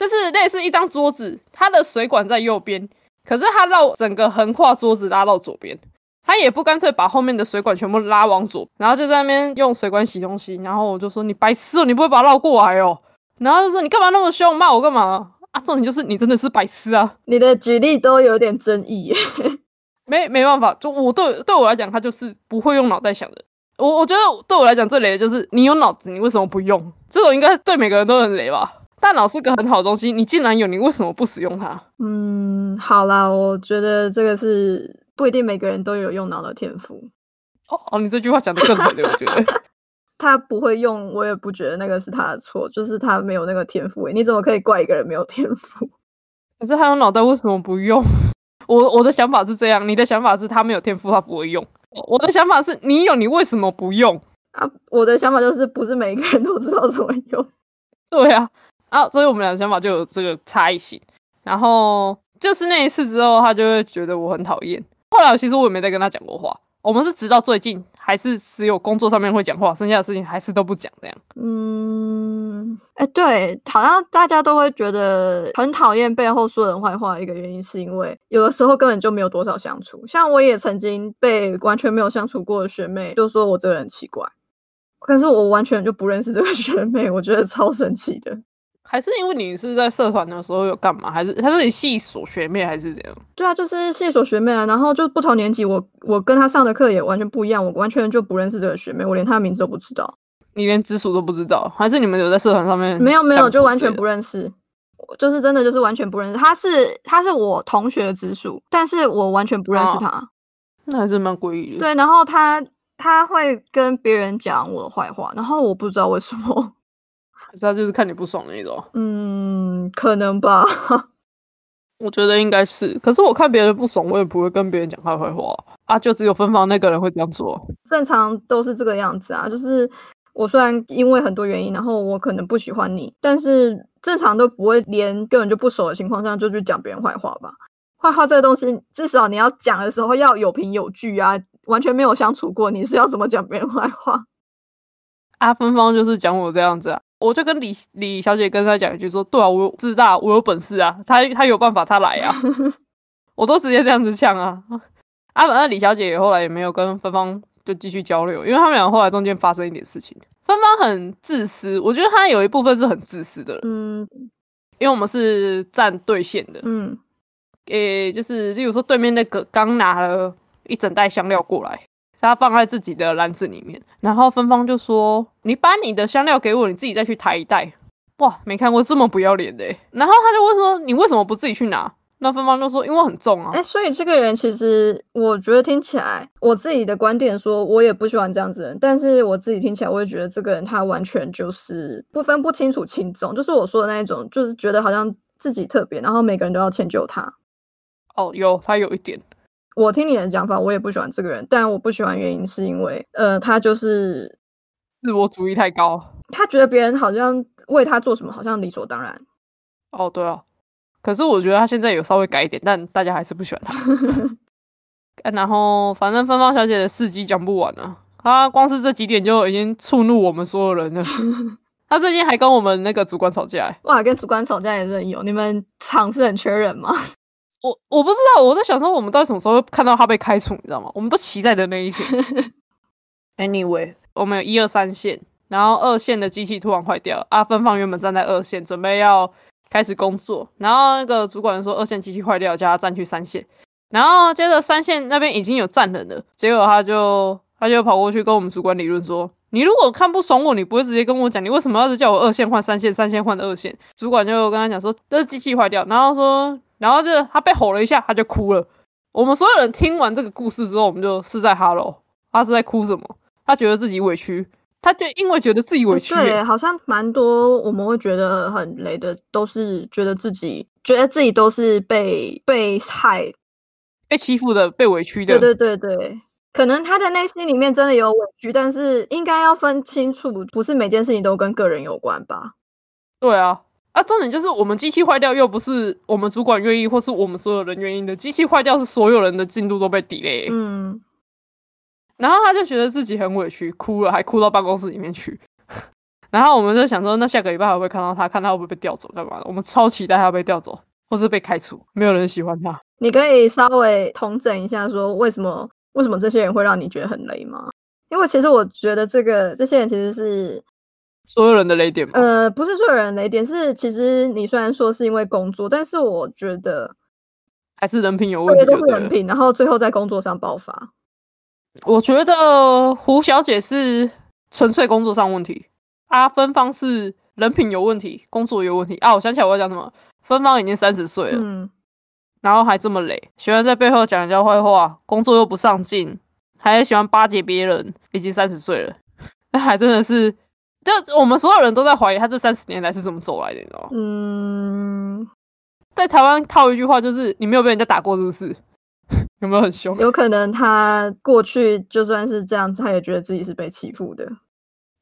就是類似一張桌子，它的水管在右邊，可是它繞整個橫跨桌子拉到左邊，它也不乾脆把後面的水管全部拉往左，然後就在那邊用水管洗東西。然後我就說你白痴哦，你不會把它繞過來哦。然後就說你幹嘛那麼兇，罵我幹嘛啊？啊，重點就是你真的是白痴啊！你的舉例都有點爭議耶， 沒沒辦法，就我對對我來講，他就是不會用腦袋想的。我我覺得對我來講最雷的就是你有腦子，你為什麼不用？這種應該對每個人都很雷吧。大腦是個很好的東西，你既然有，你為什麼不使用它？嗯，好啦，我覺得這個是不一定每個人都有用腦的天賦。哦哦，你這句話講得更好的，對 我覺得。他不會用，我也不覺得那個是他的錯，就是他沒有那個天賦。欸，你怎麼可以怪一個人沒有天賦？可是他有腦袋，為什麼不用？我我的想法是這樣，你的想法是他沒有天賦，他不會用。我的想法是你有，你為什麼不用？啊，我的想法就是不是每一個人都知道怎麼用。對呀、啊。啊，oh, 所以我們倆的想法就有這個差異性。然後就是那一次之後，他就會覺得我很討厭。後來其實我也沒再跟他講過話。我們是直到最近還是只有工作上面會講話，剩下的事情還是都不講這樣。嗯，哎、欸，對，好像大家都會覺得很討厭背後說人壞話的一個原因，是因為有的時候根本就沒有多少相處。像我也曾經被完全沒有相處過的學妹就說我這個人奇怪，但是我完全就不認識這個學妹，我覺得超神奇的。還是因為你是在社團的時候有幹嘛？還是他是你系所學妹還是怎樣？對啊，就是系所學妹啊。然後就不同年級，我我跟他上的課也完全不一樣，我完全就不認識這個學妹，我連他的名字都不知道。你連直屬都不知道？還是你們有在社團上面？沒有沒有，就完全不認識。就是真的就是完全不認識。他是他是我同學的直屬，但是我完全不認識他。哦，那還是蠻詭異的。對，然後他他會跟別人講我的壞話，然後我不知道為什麼。他就是看你不爽那種，嗯，可能吧，我覺得應該是。可是我看別人不爽，我也不會跟別人講他壞話啊。就只有芬芳那個人會這樣做。正常都是這個樣子啊，就是我雖然因為很多原因，然後我可能不喜歡你，但是正常都不會連根本就不熟的情況下就去講別人壞話吧。壞話這個東西，至少你要講的時候要有憑有據啊。完全沒有相處過，你是要怎麼講別人壞話？阿、啊、芬芳就是講我這樣子啊。我就跟李李小姐跟他講一句說，對啊，我有自大，我有本事啊，他他有辦法，他來啊， 我都直接這樣子嗆啊。啊，反正李小姐也後來也沒有跟芬芳就繼續交流，因為他們倆後來中間發生一點事情。芬芳很自私，我覺得她有一部分是很自私的。嗯，因為我們是站對線的，嗯，誒、欸，就是例如說對面那個剛拿了一整袋香料過來。他放在自己的籃子裡面，然後芬芳就說：“你把你的香料給我，你自己再去抬一袋。”哇，沒看過這麼不要臉的欸。然後他就問說：“你為什麼不自己去拿？”那芬芳就說：“因為很重啊。”哎、欸，所以這個人其實，我覺得聽起來，我自己的觀點說，我也不喜歡這樣子的人。但是我自己聽起來，我也覺得這個人他完全就是不分不清楚輕重，就是我說的那一種，就是覺得好像自己特別，然後每個人都要遷就他。哦，有，他有一點。我聽你的講法，我也不喜歡這個人，但我不喜歡原因是因為，呃，他就是自我主義太高，他覺得別人好像為他做什麼，好像理所當然。哦，對哦、啊、可是我覺得他現在有稍微改一點，但大家還是不喜歡他。 啊、然後，反正芬芳小姐的事蹟講不完了、啊，他光是這幾點就已經觸怒我們所有人了。 他最近還跟我們那個主管吵架。哇，跟主管吵架也是有，你們廠是很缺人嗎？我我不知道，我在想說我們到底什麼時候會看到他被開除，你知道嗎？我們都期待的那一天。 Anyway，我們有一二三線，然後二線的機器突然壞掉，阿、啊、芬芳原本站在二線，準備要開始工作，然後那個主管說二線機器壞掉，叫他站去三線，然後接着三線那邊已經有站人了，結果他就他就跑過去跟我們主管理論說：“你如果看不爽我，你不會直接跟我講，你為什麼要是叫我二線換三線，三線換二線？”主管就跟他講說：“這是機器壞掉。”然後說。然後就是他被吼了一下，他就哭了。我們所有人聽完這個故事之後，我們就是在哈嘍，他是在哭什麼？他覺得自己委屈，他就因為覺得自己委屈，嗯。對，好像蠻多我們會覺得很雷的，都是覺得自己覺得自己都是被被害，被欺負的，被委屈的。對對對對，可能他的內心裡面真的有委屈，但是應該要分清楚，不是每件事情都跟個人有關吧？對啊。啊，重點就是我們機器壞掉，又不是我們主管願意，或是我們所有人願意的。機器壞掉是所有人的進度都被 delay。嗯，然後他就覺得自己很委屈，哭了，還哭到辦公室裡面去。 然後我們就想說，那下個禮拜會不會看到他？看他會不會被調走幹嘛的？我們超期待他會被調走，或是被開除。沒有人喜歡他。你可以稍微統整一下，說為什麼？為什麼這些人會讓你覺得很雷嗎？因為其實我覺得這個這些人其實是。所有人的雷點嗎？呃，不是所有人的雷點，是其實你雖然說是因為工作，但是我覺得還是人品有問題，都是人品，然後最後在工作上爆發。我覺得胡小姐是純粹工作上問題，啊芬芳是人品有問題，工作有問題啊！我想起來我要講什麼，芬芳已經三十歲了，嗯，然後還這麼累，喜歡在背後講人家壞話，工作又不上進，還喜歡巴結別人，已經三十歲了，那還真的是。就我們所有人都在懷疑他這三十年來是怎麼走來的，你知道嗎？嗯，在台灣套一句話就是你沒有被人家打過，是不是？ 有沒有很兇？欸，有可能他過去就算是這樣子，他也覺得自己是被欺負的。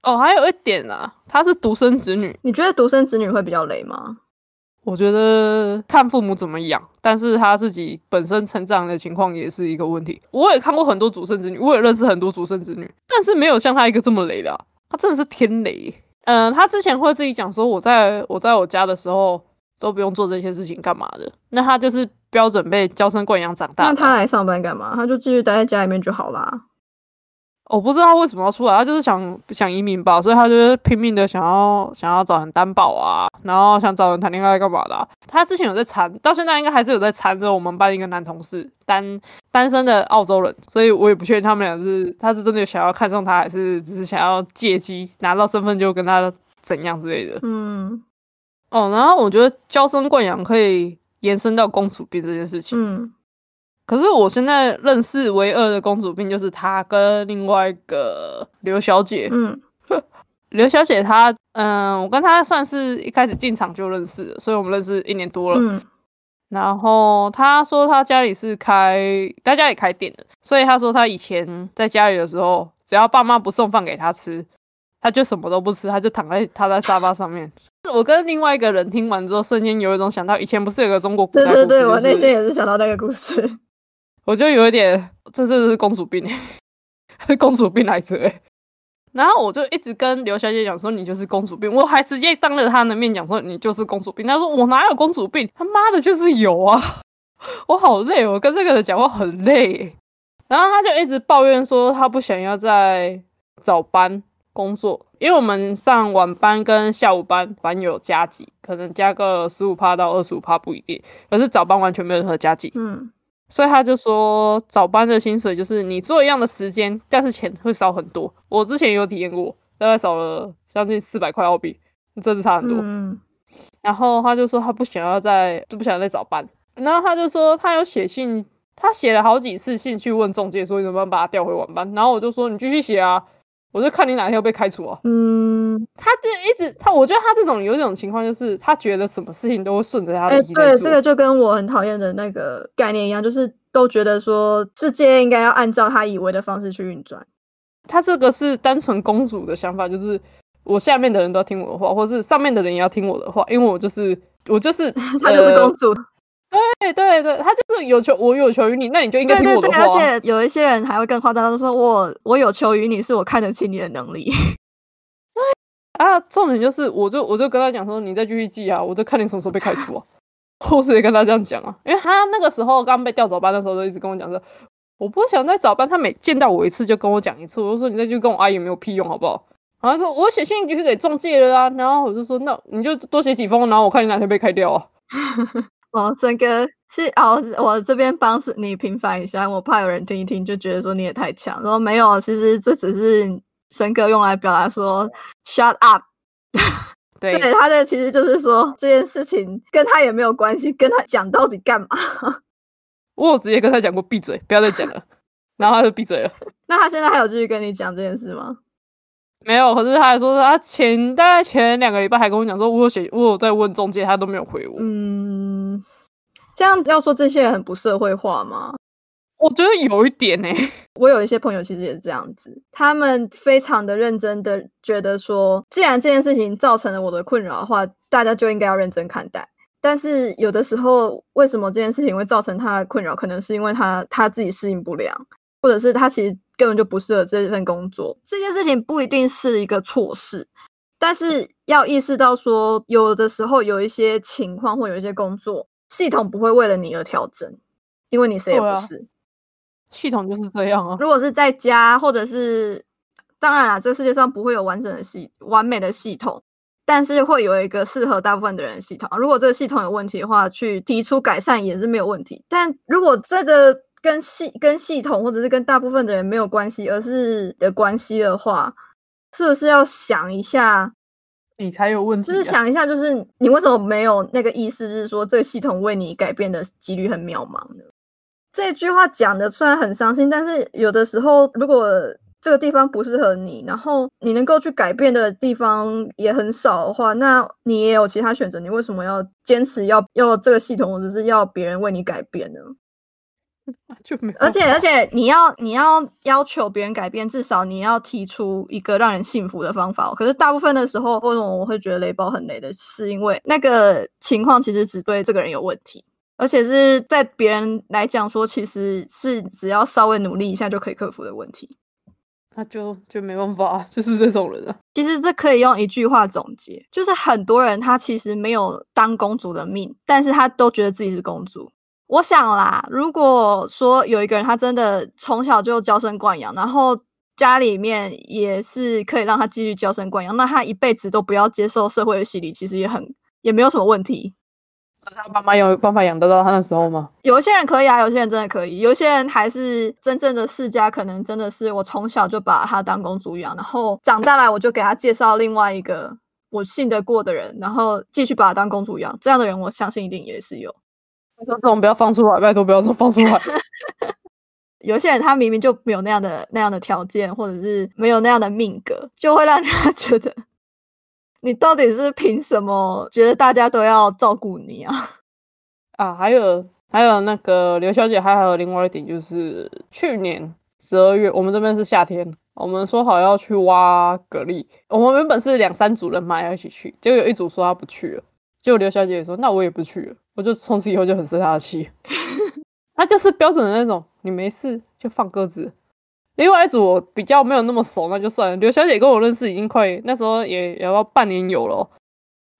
哦，還有一點啦，他是獨生子女。你覺得獨生子女會比較雷嗎？我覺得看父母怎麼養，但是他自己本身成長的情況也是一個問題。我也看過很多獨生子女，我也認識很多獨生子女，但是沒有像他一個這麼雷的，啊。他真的是天雷，嗯、呃，他之前會自己講說，我在我在我家的時候都不用做這些事情，幹嘛的？那他就是標準被嬌生慣養長大。那他來上班幹嘛？他就繼續待在家裡面就好啦。我不知道為什麼要出來，他就是想想移民吧，所以他就是拼命的想要想要找人擔保啊，然後想找人談戀愛幹嘛的啊。他之前有在纏，到現在應該還是有在纏着我們班一個男同事單單身的澳洲人，所以我也不確定他們倆是他是真的有想要看上他，還是只是想要借機拿到身份就跟他怎樣之類的。嗯，哦，然後我覺得嬌生慣養可以延伸到公主病這件事情。嗯。可是我現在認識唯二的公主病就是她跟另外一個劉小姐，嗯，劉 小姐她，嗯，我跟她算是一開始進場就認識的，所以我們認識一年多了，嗯，然後她說她家裡是開，她家也開店的，所以她說她以前在家裡的時候，只要爸媽不送飯給她吃，她就什麼都不吃，她就躺在躺在沙發上面。 我跟另外一個人聽完之後，瞬間有一種想到以前不是有個中國古代故事，對對對，就是，我內心也是想到那個故事。 我就有一點，這是公主病， 公主病來着，哎，然後我就一直跟劉小姐講說你就是公主病，我還直接當着她的面講說你就是公主病，她說我哪有公主病，他媽的就是有啊，我好累，我跟這個人講話很累，然後她就一直抱怨說她不想要在早班工作，因為我們上晚班跟下午班班有加給，可能加個十五趴到二十五趴不一定，可是早班完全沒有任何加給。嗯。所以他就說，早班的薪水就是你做一樣的時間，但是錢會少很多。我之前有體驗過，大概少了將近四百塊澳幣，真的差很多。嗯、然後他就說他不想要再就不想要再早班，然後他就說他有寫信，他寫了好幾次信去問中介，說你怎麼辦把他調回晚班。然後我就說你繼續寫啊。我就看你哪天會被開除哦、啊。嗯，他這一直他，我覺得他這種有一種情況，就是他覺得什麼事情都會順着他的意。哎、欸，對，這個就跟我很討厭的那個概念一樣，就是都覺得說世界應該要按照他以為的方式去運轉。他這個是單純公主的想法，就是我下面的人都要聽我的話，或是上面的人也要聽我的話，因為我就是我就是他就是公主。呃對對對，他就是有求我有求於你，那你就應該聽我的。對，對，對而且有一些人還會更誇張，他、就是、說我我有求於你，是我看得起你的能力。對啊，重點就是，我就我就跟他講說，你再繼續寄啊，我就看你什麼時候被開除、啊。 我直接跟他這樣講啊，因為他那個時候剛被調早班的時候，就一直跟我講說，我不想再早班。他每見到我一次，就跟我講一次。我就說你再去跟我阿姨沒有屁用，好不好？然後他說我寫信就是給中介了啊。然後我就說那你就多寫幾封，然後我看你哪天被開掉啊。 哦，笙歌是哦，我這邊幫是你平反一下，我怕有人聽一聽就覺得說，你也太強。然後沒有，其實這只是笙歌用來表達說 “shut up”。對， 對，他的其實就是說這件事情跟他也沒有關係，跟他講到底幹嘛？我有直接跟他講過，閉嘴，不要再講了。 然後他就閉嘴了。 那他現在還有繼續跟你講這件事嗎？沒有，可是他還說是他前大概前兩個禮拜還跟我講說，我有寫，我有在問中介，他都沒有回我。嗯。這樣要說這些人很不社會化嗎？我覺得有一點呢、欸。我有一些朋友其實也是這樣子，他們非常的認真的覺得說，既然這件事情造成了我的困擾的話，大家就應該要認真看待。但是有的時候，為什麼這件事情會造成他的困擾，可能是因為他他自己適應不良，或者是他其實根本就不適合這份工作。這件事情不一定是一個錯事。但是要意識到說，說有的時候有一些情況或有一些工作，系統不會為了你而調整，因為你誰也不是。啊，系統就是這樣啊。如果是在家，或者是，當然啊，這個、世界上不會有完整的系，完美的系統，但是會有一個適合大部分的人的系統。如果這個系統有問題的話，去提出改善也是沒有問題。但如果這個跟系，跟系統或者是跟大部分的人沒有關係，而是的關係的話。是不是要想一下，你才有問題啊。就是想一下，就是你為什麼沒有那個意思？就是說，這個系統為你改變的幾率很渺茫呢？這句話講的雖然很傷心，但是有的時候，如果這個地方不適合你，然後你能夠去改變的地方也很少的話，那你也有其他選擇。你為什麼要堅持要要這個系統，或者是要別人為你改變呢？.就沒，而且而且你要你要要求別人改變，至少你要提出一個讓人信服的方法。可是大部分的時候，為什麼我會覺得雷包很雷的，是因為那個情況其實只對這個人有問題，而且是在別人來講說，其實是只要稍微努力一下就可以克服的問題。那就就沒辦法，就是這種人啊。其實這可以用一句話總結，就是很多人他其實沒有當公主的命，但是他都覺得自己是公主。我想啦，如果說有一個人他真的從小就嬌生慣養，然後家裡面也是可以讓他繼續嬌生慣養，那他一輩子都不要接受社會的洗禮，其實也很，也沒有什麼問題。那他爸媽有辦法養得到他的時候嗎？有一些人可以啊，有些人真的可以，有一些人還是真正的世家，可能真的是我從小就把他當公主養，然後長大來我就給他介紹另外一個我信得過的人，然後繼續把他當公主養。這樣的人，我相信一定也是有。他說這種不要放出來，拜托不要說放出來。 有些人他明明就沒有那樣的那樣的條件，或者是沒有那樣的命格，就會讓人覺得你到底是憑什麼覺得大家都要照顧你啊？啊，還有還有那個劉小姐，還有另外一點就是，去年十二月我們這邊是夏天，我們說好要去挖蛤蜊，我們原本是兩三組人嘛要一起去，結果有一組說他不去了。就劉小姐也說，那我也不去了，我就從此以後就很生她的氣。 她就是標準的那種，你沒事就放鴿子。另外一組我比較沒有那麼熟，那就算了。劉小姐跟我認識已經快那時候也，也要，要半年有了，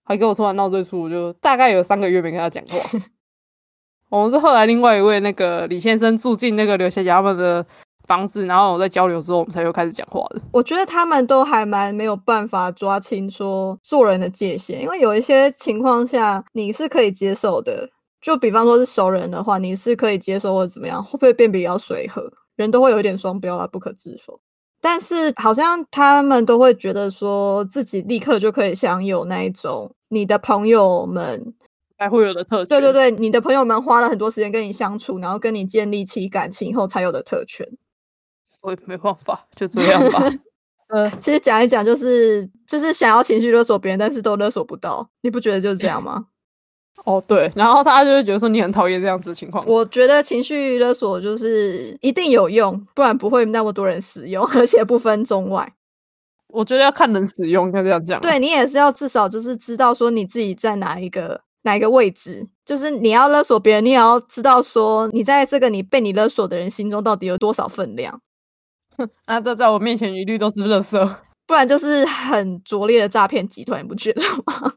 還跟我突然鬧這出，我就大概有三個月沒跟她講話。 我們是後來另外一位那個李先生住進那個劉小姐他們的防止，然後我在交流之後，我們才又開始講話的。我覺得他們都還蠻沒有辦法抓清說做人的界限，因為有一些情況下你是可以接受的，就比方說是熟人的話，你是可以接受或者怎麼樣，會不會變比較隨和？人都會有一點雙標啊，不可置否。但是好像他們都會覺得說自己立刻就可以享有那一種你的朋友們才會有的特權，對對對，你的朋友們花了很多時間跟你相處，然後跟你建立起感情以後才有的特權。我也沒辦法，就這樣吧。 呃，其實講一講就是，就是想要情緒勒索別人，但是都勒索不到，你不覺得就是這樣嗎？欸、哦，對，然後大家就會覺得說你很討厭這樣子的情況。我覺得情緒勒索就是一定有用，不然不會那麼多人使用，而且不分中外。我覺得要看能使用，應該這樣講。對，你也是要至少就是知道說你自己在哪一個哪一個位置，就是你要勒索別人，你也要知道說你在這個你被你勒索的人心中到底有多少分量。那這、啊，在我面前一律都是垃圾，不然就是很拙劣的詐騙集團，你不覺得嗎？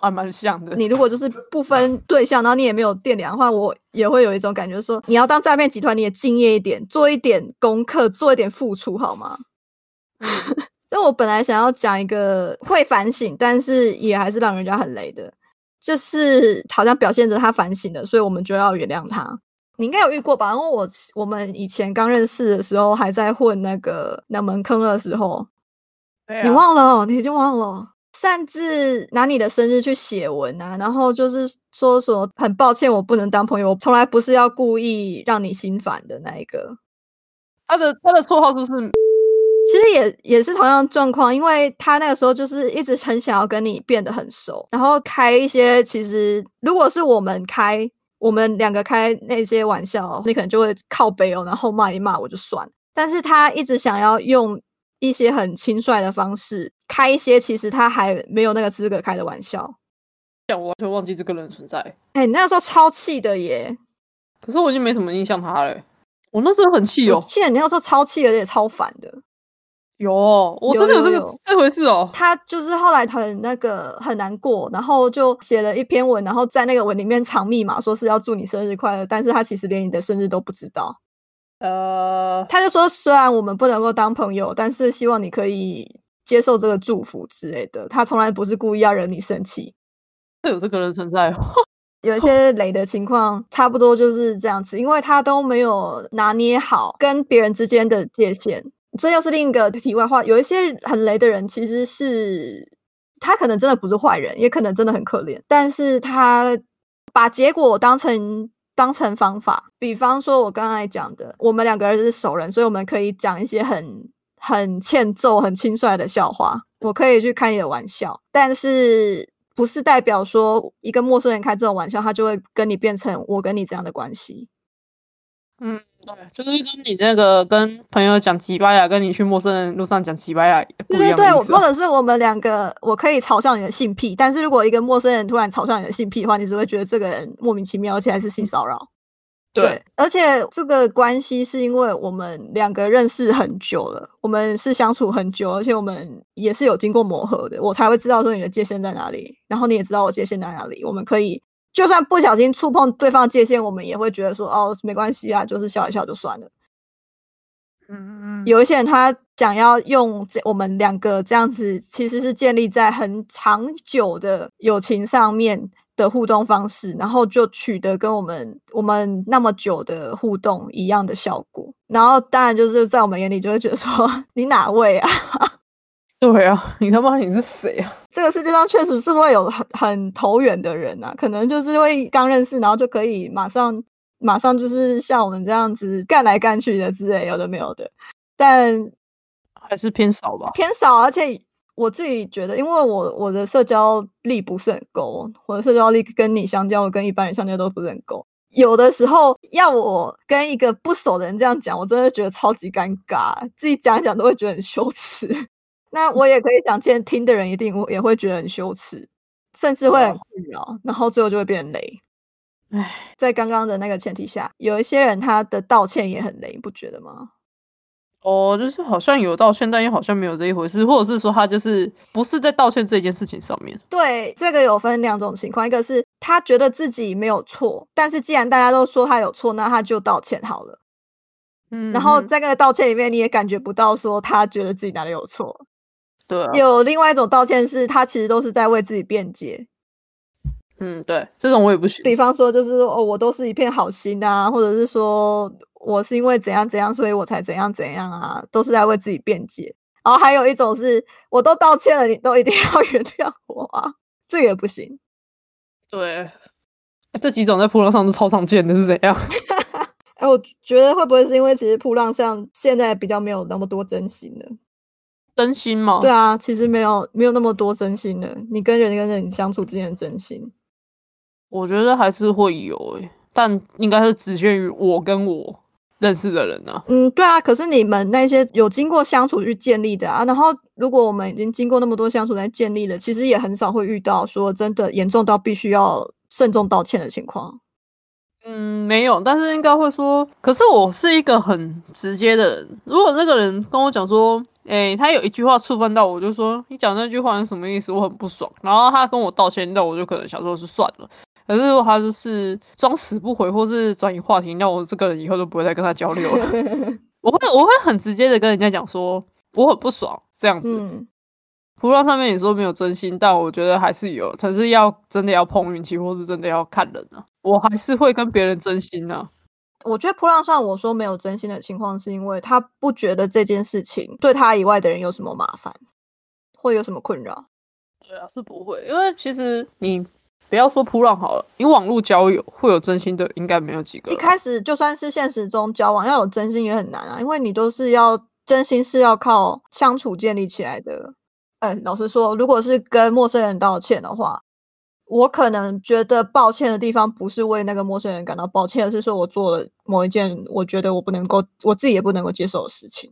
還蠻、啊、像的。你如果就是不分對象，然後你也沒有電量的話，我也會有一種感覺說，說你要當詐騙集團，你也敬業一點，做一點功課，做一點付出，好嗎？嗯、 但我本來想要講一個會反省，但是也還是讓人家很雷的，就是好像表現着他反省的，所以我們就要原諒他。你應該有遇過吧？因為我我們以前剛認識的時候，還在混那個南門坑的時候，啊、你忘了，你已經忘了，擅自拿你的生日去寫文啊，然後就是說，說很抱歉，我不能當朋友，我從來不是要故意讓你心煩的那一個。他的他的綽號就是，是，其實也也是同樣狀況，因為他那個時候就是一直很想要跟你變得很熟，然後開一些其實如果是我們開。我們兩個開那些玩笑，你可能就會靠北哦、喔，然後罵一罵我就算了，但是他一直想要用一些很輕率的方式開一些其實他還沒有那個資格開的玩笑，這我完全忘記這個人的存在、欸。哎、欸，你那時候超氣的耶！可是我已經沒什麼印象他嘞、欸，我那時候很氣哦、喔，氣！你那時候超氣，而且超煩的。有，我真的有這個有有有這回事哦。他就是後來很那個很難過，然後就寫了一篇文，然後在那個文裡面藏密碼，說是要祝你生日快樂。但是他其實連你的生日都不知道。呃，他就說，雖然我們不能夠當朋友，但是希望你可以接受這個祝福之類的。他從來不是故意要惹你生氣。有這個人存在哦， 有一些雷的情況，差不多就是這樣子，因為他都沒有拿捏好跟別人之間的界限。這又是另一個題外話。有一些很雷的人，其實是他可能真的不是壞人，也可能真的很可憐。但是他把結果當成當成方法，比方說我剛才講的，我們兩個人是熟人，所以我們可以講一些很很欠揍、很輕率的笑話。我可以去開你的玩笑，但是不是代表說一個陌生人開這種玩笑，他就會跟你變成我跟你這樣的關係？嗯。對，就是跟你那個跟朋友講機掰呀，跟你去陌生人路上講機掰呀不一樣。對對對，或者是我們兩個，我可以嘲笑你的性癖，但是如果一個陌生人突然嘲笑你的性癖的話，你只會覺得這個人莫名其妙，而且還是性騷擾。對，對，而且這個關係是因為我們兩個認識很久了，我們是相處很久，而且我們也是有經過磨合的，我才會知道說你的界限在哪裡，然後你也知道我界限在哪裡，我們可以。就算不小心觸碰對方界限，我們也會覺得說哦，沒關係啊，就是笑一笑就算了。嗯嗯嗯，有一些人他想要用我們兩個這樣子，其實是建立在很長久的友情上面的互動方式，然後就取得跟我們我們那麼久的互動一樣的效果。然後當然就是在我們眼裡就會覺得說，你哪位啊？ 對呀、啊，你他媽，你是誰呀、啊？這個世界上確實是會有很很投緣的人啊，可能就是因為剛認識，然後就可以馬上馬上就是像我們這樣子幹來幹去的之類的，有的沒有的，但還是偏少吧，偏少。而且我自己覺得，因為我我的社交力不是很夠，我的社交力跟你相交，我跟一般人相交都不是很夠。有的時候要我跟一個不熟的人這樣講，我真的覺得超級尷尬，自己講一講都會覺得很羞恥。那我也可以想見聽的人一定也會覺得很羞恥，甚至會很困擾，oh. 然後最後就會變成雷。唉，在剛剛的那個前提下，有一些人他的道歉也很雷，不覺得嗎？哦，oh, 就是好像有道歉，但又好像沒有這一回事，或者是說他就是不是在道歉這件事情上面。對，這個有分兩種情況，一個是他覺得自己沒有錯，但是既然大家都說他有錯，那他就道歉好了。嗯，然後在那個道歉裡面，你也感覺不到說他覺得自己哪裡有錯。有另外一種道歉是他其實都是在為自己辯解，嗯，對，這種我也不行。比方說就是哦，我都是一片好心啊，或者是說我是因為怎樣怎樣，所以我才怎樣怎樣啊，都是在為自己辯解。然後還有一種是我都道歉了，你都一定要原諒我啊，這個、也不行。對、欸，這幾種在撲浪上都超常見的，是怎樣？哎 欸，我覺得會不會是因為其實撲浪上現在比較沒有那麼多真心呢？真心嗎？對啊，其實沒有沒有那麼多真心的。你跟人跟人相處之間的真心，我覺得還是會有、欸、但應該是只限於我跟我認識的人呢、啊。嗯，對啊，可是你們那些有經過相處去建立的啊，然後如果我們已經經過那麼多相處來建立了，其實也很少會遇到說真的嚴重到必須要慎重道歉的情況。嗯，沒有，但是應該會說。可是我是一個很直接的人，如果那個人跟我講說。誒、欸、他有一句話觸犯到我，就說你講那句話是什麼意思？我很不爽。然後他跟我道歉，那我就可能想說，是算了。可是如果他就是裝死不回，或是轉移話題，那我這個人以後都不會再跟他交流了。 我會，我會很直接的跟人家講說，我很不爽這樣子。不知道上面你說沒有真心，但我覺得還是有。可是要真的要碰運氣，或是真的要看人啊，我還是會跟別人真心啊。我覺得噗浪上我說沒有真心的情況，是因為他不覺得這件事情對他以外的人有什麼麻煩，會有什麼困擾？對啊，是不會，因為其實你不要說噗浪好了，你網絡交友會有真心的，應該沒有幾個。一開始就算是現實中交往要有真心也很難啊，因為你都是要真心是要靠相處建立起來的。嗯、欸，老實說，如果是跟陌生人道歉的話。我可能覺得抱歉的地方，不是為那個陌生人感到抱歉，而是說我做了某一件我覺得我不能夠，我自己也不能夠接受的事情。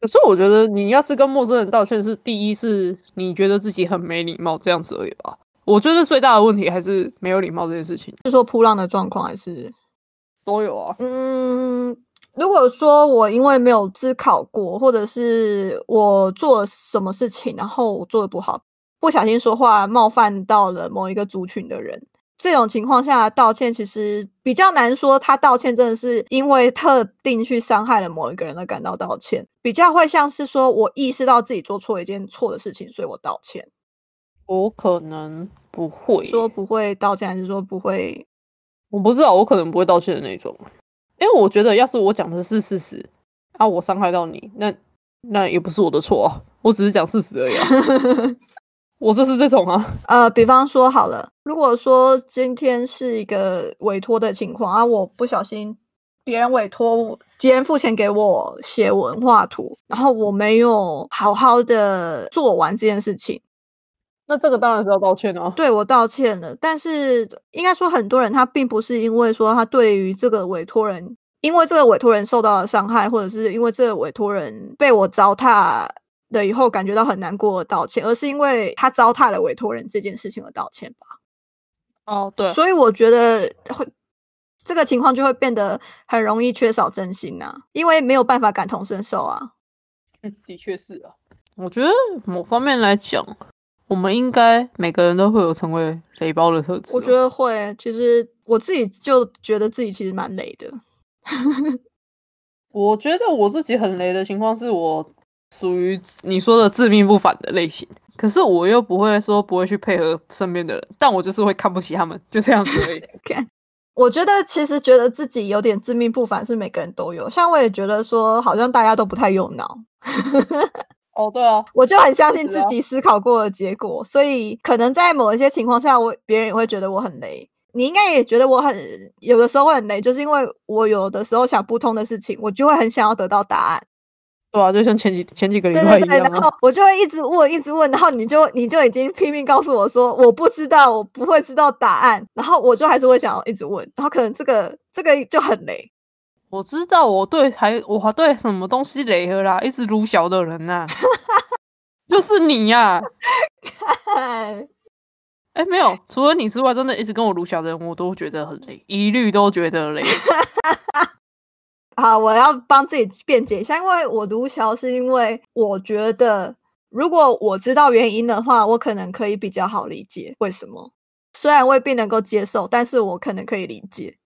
可是我覺得，你要是跟陌生人道歉，是第一是你覺得自己很沒禮貌這樣子而已吧。我覺得最大的問題還是沒有禮貌這件事情。就是說撲浪的狀況，還是都有啊。嗯，如果說我因為沒有思考過，或者是我做了什麼事情，然後我做的不好。不小心說話冒犯到了某一個族群的人，這種情況下道歉其實比較難說。他道歉真的是因為特定去傷害了某一個人而感到道歉，比較會像是說我意識到自己做錯了一件錯的事情，所以我道歉。我可能不會說不會道歉，還是說不會？我不知道，我可能不會道歉的那種。因為我覺得，要是我講的是事實啊，我傷害到你，那那也不是我的錯啊，我只是講事實而已啊。 我就是這種啊，呃，比方說好了，如果說今天是一個委託的情況，啊，我不小心，別人委託我，別人付錢給我寫文畫圖，然後我沒有好好的做完這件事情，那這個當然是要道歉哦、啊。對，我道歉了，但是應該說很多人他並不是因為說他對於這個委託人，因為這個委託人受到了傷害，或者是因為這個委託人被我糟蹋的以後感覺到很難過而道歉，而是因為他糟蹋了委託人這件事情而道歉吧。哦，對，所以我覺得會這個情況就會變得很容易缺少真心吶、啊，因為沒有辦法感同身受啊。嗯、的確是啊。我覺得某方面來講，我們應該每個人都會有成為雷包的特質、哦。我覺得會，其實我自己就覺得自己其實蠻雷的。 我覺得我自己很雷的情況是我。屬於你說的自命不凡的類型，可是我又不會說不會去配合身邊的人，但我就是會看不起他們，就這樣子而已。 okay. 我覺得其實覺得自己有點自命不凡，是每個人都有。像我也覺得說，好像大家都不太用腦。哦 ，oh, 對啊， 我就很相信自己思考過的結果，啊、所以可能在某一些情況下，我別人也會覺得我很雷。你應該也覺得我很有的時候會很雷，就是因為我有的時候想不通的事情，我就會很想要得到答案。哇，就像前幾前幾個禮拜一樣啊，對對對，然後我就會一直問，一直問，然後你就你就已經拼命告訴我說，我不知道，我不會知道答案。然後我就還是會想要一直問，然後可能這個這個就很雷。我知道，我對還我還對什麼東西雷了啦？一直如小的人吶、啊， 就是你呀、啊。哎、 欸，沒有，除了你之外，真的一直跟我如小的人，我都覺得很雷，一律都覺得雷。 好，我要幫自己辯解一下，因為我盧小是因為我覺得，如果我知道原因的話，我可能可以比較好理解為什麼。雖然未必能夠接受，但是我可能可以理解。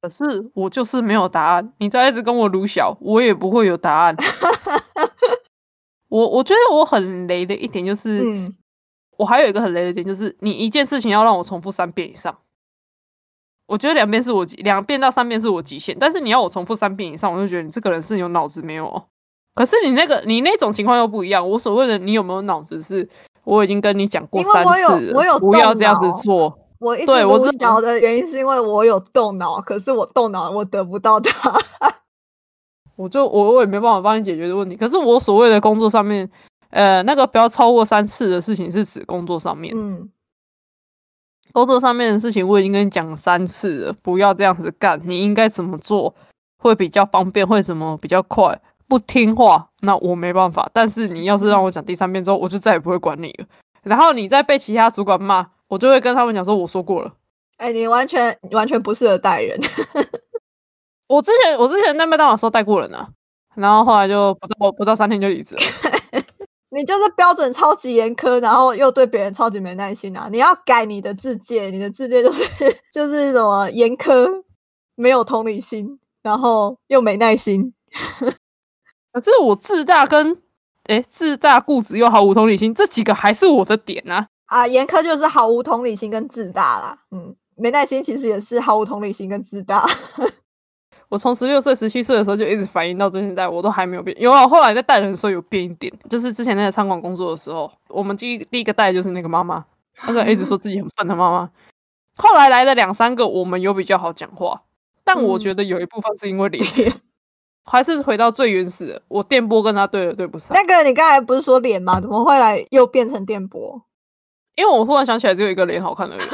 可是我就是沒有答案，你再一直跟我盧小，我也不會有答案。 我我覺得我很雷的一點就是，嗯、我還有一個很雷的一點就是，你一件事情要讓我重複三遍以上。我覺得兩遍是我兩遍到三遍是我極限，但是你要我重複三遍以上，我就覺得你這個人是有腦子沒有。可是你那個你那種情況又不一樣。我所謂的你有沒有腦子是，是我已經跟你講過三次了，我有我有不要這樣子做。我對我動腦的原因是因為我有動腦，可是我動腦我得不到它。我，我就我我也沒辦法幫你解決的問題。可是我所謂的工作上面，呃，那個不要超過三次的事情是指工作上面。嗯。工作上面的事情我已經跟你講三次了，不要這樣子幹。你應該怎麼做會比較方便？會什麼比較快？不聽話，那我沒辦法。但是你要是讓我講第三遍之後，我就再也不會管你了。然後你再被其他主管罵，我就會跟他們講說我說過了。哎、欸，你完全你完全不適合帶人 我。我之前我之前在麥當勞時候帶過人呢、啊，然後後來就我不到不到三天就離職。 你就是標準超級嚴苛，然後又對別人超級沒耐心啊！你要改你的自介，你的自介就是就是什麼嚴苛、沒有同理心，然後又沒耐心。可、 啊、是我自大跟誒、欸、自大固執又毫無同理心，這幾個還是我的點呢？啊，嚴、啊、苛就是毫無同理心跟自大啦。嗯，沒耐心其實也是毫無同理心跟自大。 我從十六歲、十七歲的時候就一直反應到最近代我，我都還沒有變。有啊，後來在帶人的時候有變一點，就是之前在餐館工作的時候，我們第一第一個帶的就是那個媽媽，那個一直說自己很笨的媽媽。 後來來了兩三個，我們有比較好講話，但我覺得有一部分是因為臉， 還是回到最原始的，我電波跟他對了對不上。那個你剛才不是說臉嗎？怎麼後來又變成電波？因為我忽然想起來只有一個臉好看而已。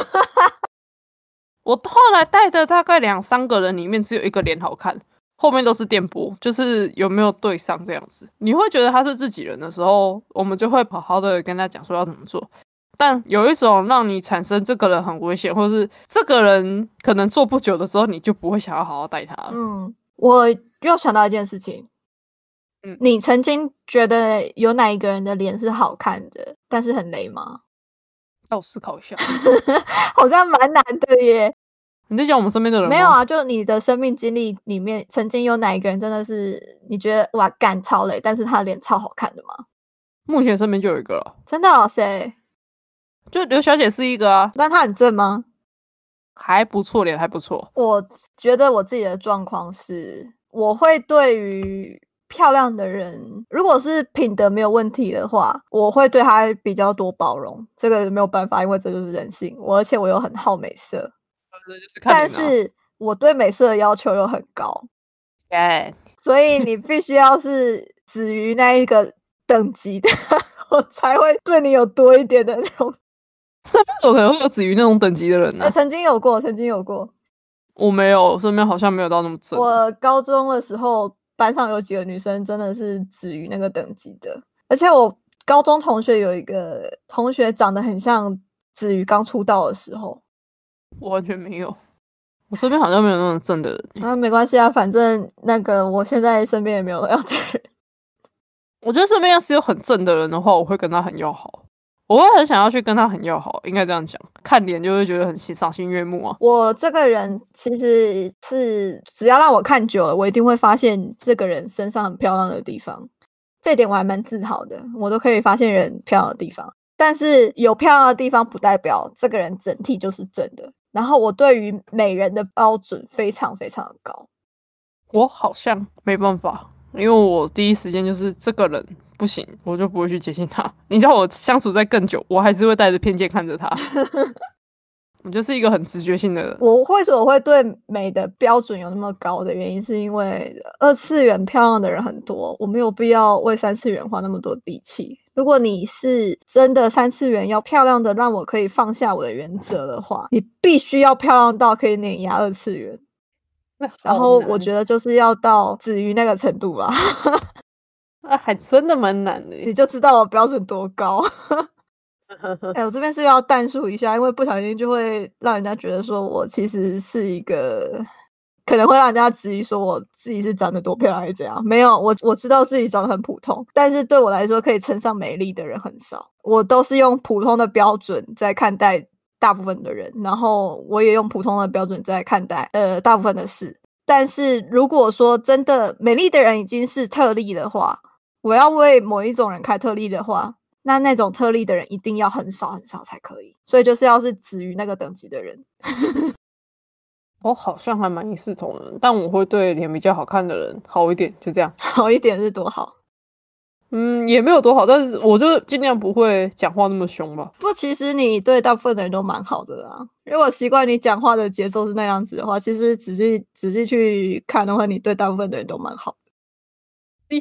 我後來帶的大概兩三個人，裡面只有一個臉好看，後面都是電波，就是有沒有對上這樣子。你會覺得他是自己人的時候，我們就會好好的跟他講說要怎麼做。但有一種讓你產生這個人很危險，或者是這個人可能做不久的時候，你就不會想要好好帶他了。嗯，我又想到一件事情，嗯，你曾經覺得有哪一個人的臉是好看的，但是很雷嗎？要思考一下， 好像蠻難的耶。你在講我們身邊的人？沒有啊，就你的生命經歷裡面，曾經有哪一個人真的是你覺得哇幹超累，但是他臉超好看的嗎？目前身邊就有一個了。真的？老師？就劉小姐是一個啊。那她很正嗎？還不錯，臉還不錯。我覺得我自己的狀況是，我會對於。漂亮的人，如果是品德沒有問題的話，我會對他比較多包容。這個沒有辦法，因為這就是人性。我而且我又很好美色，但是我對美色的要求又很高。耶，Yeah. 所以你必須要是止於那一個等級的， 我才會對你有多一點的那種。身邊有可能會有止於那種等級的人呢？啊欸？曾經有過，曾經有過。我沒有，我身邊好像沒有到那麼。我高中的時候，班上有幾個女生真的是子瑜那個等級的，而且我高中同學有一個同學長得很像子瑜剛出道的時候，我完全沒有，我身邊好像沒有那麼正的人。那、 啊、沒關係啊，反正那個我現在身邊也沒有要的人。 我覺得身邊要是有很正的人的話，我會跟他很要好。我會很想要去跟他很要好，應該這樣講，看臉就會覺得很賞心悅目啊。我這個人其實是，只要讓我看久了，我一定會發現這個人身上很漂亮的地方。這點我還蠻自豪的，我都可以發現人漂亮的地方。但是有漂亮的地方不代表這個人整體就是正的。然後我對於美人的標準非常非常的高，我好像沒辦法，因為我第一時間就是這個人。不行，我就不會去接近他。你讓我相處再更久，我還是會帶着偏見看着他。我 就是一個很直覺性的人。我會說我會對美的標準有那麼高的原因，是因為二次元漂亮的人很多，我沒有必要為三次元花那麼多力氣。如果你是真的三次元要漂亮的讓我可以放下我的原則的話，你必須要漂亮到可以碾壓二次元。然後我覺得就是要到子瑜那個程度吧。 啊、還真的蠻難的，你就知道我標準多高 哎、 欸，我這邊是要淡述一下，因為不小心就會讓人家覺得說我其實是一個，可能會讓人家質疑說我自己是長得多漂亮還是怎樣。沒有，我我知道自己長得很普通，但是對我來說可以稱上美麗的人很少。我都是用普通的標準在看待大部分的人，然後我也用普通的標準在看待呃大部分的事。但是如果說真的美麗的人已經是特例的話，我要為某一種人開特例的話，那那種特例的人一定要很少很少才可以。所以就是要是止於那個等級的人。 我好像還蠻一視同仁，但我會對臉比較好看的人好一點。就這樣，好一點是多好？嗯，也沒有多好，但是我就盡量不會講話那麼凶吧。不，其實你對大部分的人都蠻好的啊。如果習慣你講話的節奏是那樣子的話，其實仔細仔細去看的話，你對大部分的人都蠻好。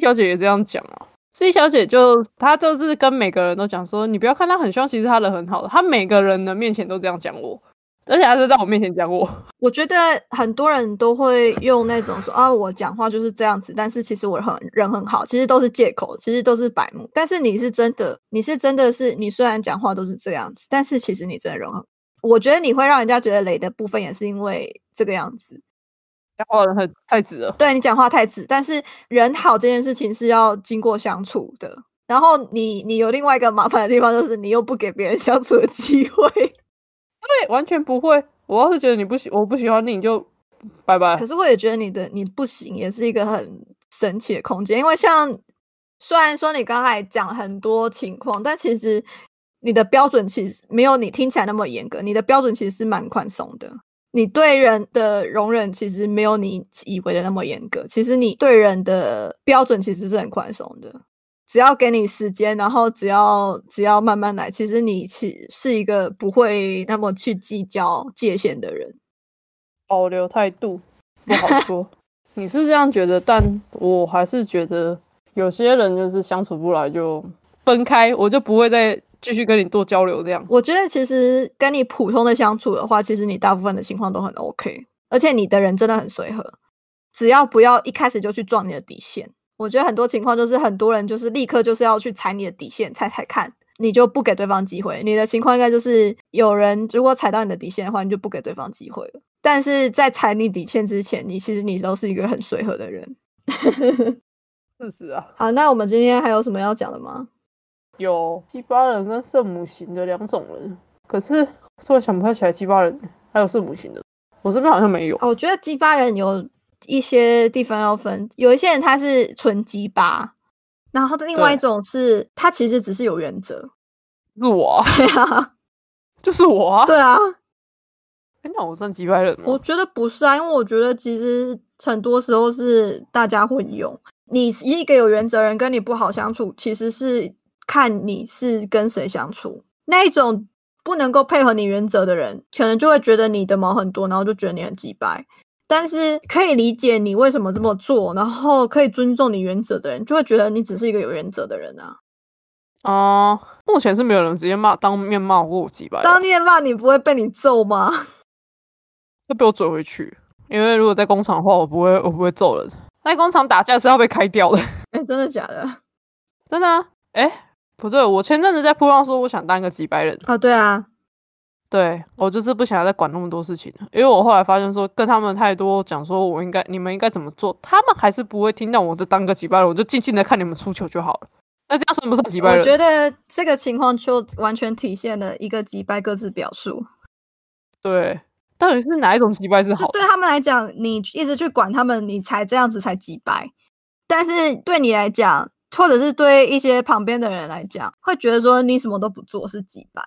C 小姐也這樣講啊，C 小姐就她就是跟每個人都講說，你不要看她很兇，其實她人很好的。她每個人的面前都這樣講我，而且她是在我面前講我。我覺得很多人都會用那種說 啊，我講話就是這樣子，但是其實我很人很好，其實都是借口，其實都是白目。但是你是真的，你是真的是你雖然講話都是這樣子，但是其實你真的人很好。我覺得你會讓人家覺得雷的部分也是因為這個樣子。講話很太直了。對，你講話太直，但是人好這件事情是要經過相處的。然後你你有另外一個麻煩的地方，就是你又不給別人相處的機會，對，完全不會。我要是覺得你不喜我不喜歡你，你就拜拜。可是我也覺得你的你不行，也是一個很神奇的空間。因為像雖然說你剛才講很多情況，但其實你的標準其實沒有你聽起來那麼嚴格，你的標準其實是蠻寬鬆的。你對人的容忍其實沒有你以為的那麼嚴格，其實你對人的標準其實是很寬鬆的，只要給你時間，然後只要只要慢慢來，其實你是是一個不會那麼去計較界限的人，保留態度不好說， 你是這樣覺得，但我還是覺得有些人就是相處不來就分開，我就不會再。繼續跟你多交流，這樣，我覺得其實跟你普通的相處的話，其實你大部分的情況都很 OK，而且你的人真的很隨和，只要不要一開始就去撞你的底線。我覺得很多情況就是很多人就是立刻就是要去踩你的底線，踩踩看，你就不給對方機會。你的情況應該就是有人如果踩到你的底線的話，你就不給對方機會了。但是在踩你底線之前，你其實你都是一個很隨和的人，確 實啊。好，那我們今天還有什麼要講的嗎？有雞巴人跟聖母型的兩種人，可是突然想不太起來雞巴人還有聖母型的，我這邊好像沒有。哦、我覺得雞巴人有一些地方要分，有一些人他是純雞巴，然後另外一種是對他其實只是有原則。是我、啊，對啊，就是我、啊，對啊。那我算雞巴人嗎？我覺得不是啊，因為我覺得其實很多時候是大家混用。你一個有原則的人跟你不好相處，其實是。看你是跟誰相處，那一種不能夠配合你原則的人，可能就會覺得你的毛很多，然後就覺得你很機掰。但是可以理解你為什麼這麼做，然後可以尊重你原則的人，就會覺得你只是一個有原則的人啊。哦、呃，目前是沒有人直接罵、當面罵過我機掰。當面罵你不會被你揍嗎？會 被我懟回去。因為如果在工廠的話，我不會，我不會揍人。在工廠打架是要被開掉的。哎、欸，真的假的？真的、啊。哎、欸。不對，我前陣子在鋪上說，我想當個雷包人啊、哦，對啊，對我就是不想要再管那麼多事情了，因為我後來發現說，跟他們太多講，說我應該你們應該怎麼做，他們還是不會聽到，我就當個雷包人，我就靜靜的看你們出糗就好了。那這樣算不算雷包人？我覺得這個情況就完全體現了一個“雷包”各自表述。對，到底是哪一種雷包是好？對他們來講，你一直去管他們，你才這樣子才雷包，但是對你來講。.或者是對一些旁邊的人來講，會覺得說你什麼都不做是機掰，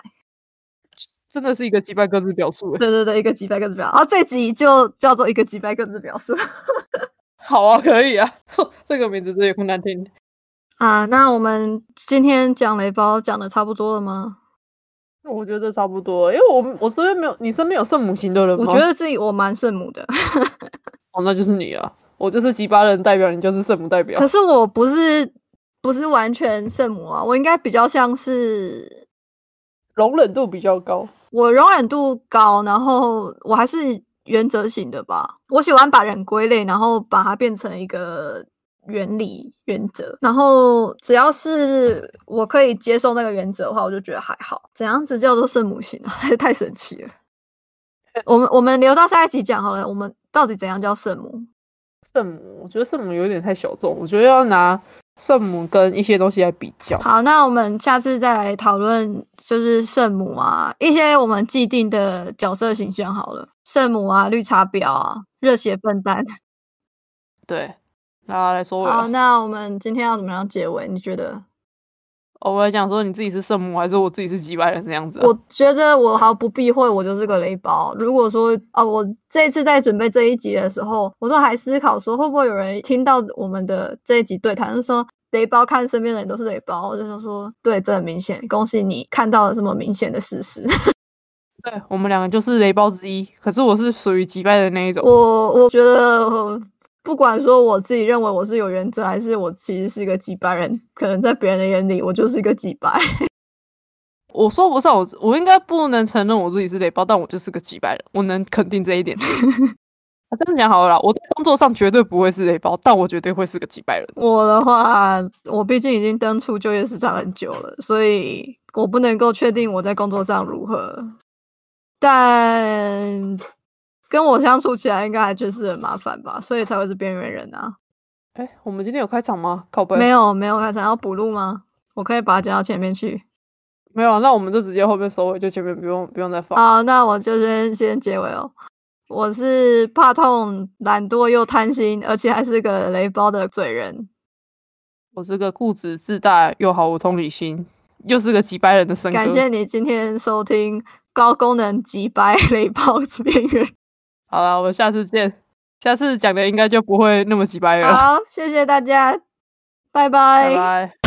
真的是一個機掰各自表述，欸。對對對，一個機掰各自表，然後這集就叫做一個機掰各自表述。 好啊，可以啊，這個名字真的也不難聽啊。那我們今天講雷包講的差不多了嗎？我覺得差不多，因、欸、為我我身邊沒有，你身邊有聖母型的人嗎？我覺得自己我蠻聖母的。 哦，那就是你啊，我就是機掰人代表，你就是聖母代表。可是我不是。不是完全聖母啊，我應該比較像是容忍度比較高，我容忍度高，然後我還是原則型的吧。我喜歡把人歸類，然後把它變成一個原理、原則，然後只要是我可以接受那個原則的話，我就覺得還好。怎樣子叫做聖母型啊？還 是太神奇了？ 我們我們留到下一集講好了。我們到底怎樣叫聖母？聖母，我覺得聖母有點太小衆，我覺得要拿。聖母跟一些東西來比較，好，那我們下次再來討論，就是聖母啊，一些我們既定的角色形象好了，聖母啊，綠茶婊啊，熱血笨蛋，對，那、啊、來說尾，好，那我們今天要怎麼樣結尾？你覺得？哦、我還想說你自己是聖母，還是我自己是機掰人，這樣子？啊？我覺得我毫不避諱，我就是個雷包。如果說啊、哦，我這次在準備這一集的時候，我都還思考說會不會有人聽到我們的這一集對談，就說雷包看身邊的人都是雷包，我就說說，對，這很明顯，恭喜你看到了這麼明顯的事實。對，我們兩個就是雷包之一，可是我是屬於機掰的那一種。我我覺得我。不管說我自己認為我是有原則，還是我其實是一個機掰人，可能在別人的眼裡我就是一個機掰。我說不上，我我應該不能承認我自己是雷包，但我就是個機掰人，我能肯定這一點。 啊，這樣講好了，我工作上絕對不會是雷包，但我絕對會是個機掰人。我的話，我畢竟已經登出就業市場很久了，所以我不能夠確定我在工作上如何，但。跟我相處起來應該還確實很麻煩吧，所以才會是邊緣人吶、啊。哎、欸，我們今天有開場嗎？靠背。沒有，沒有開場要補錄嗎？我可以把它剪到前面去。沒有啊，那我們就直接後面收尾，就前面不用不用再放。好，那我就先先結尾哦。我是怕痛、懶惰又貪心，而且還是個雷包的嘴人。我是個固執、自大又毫無同理心，又是個機掰人的笙歌。感謝你今天收聽高功能機掰雷包之邊緣。好啦，我們下次見。下次講的應該就不會那麼機掰了。好，謝謝大家，拜拜。拜拜。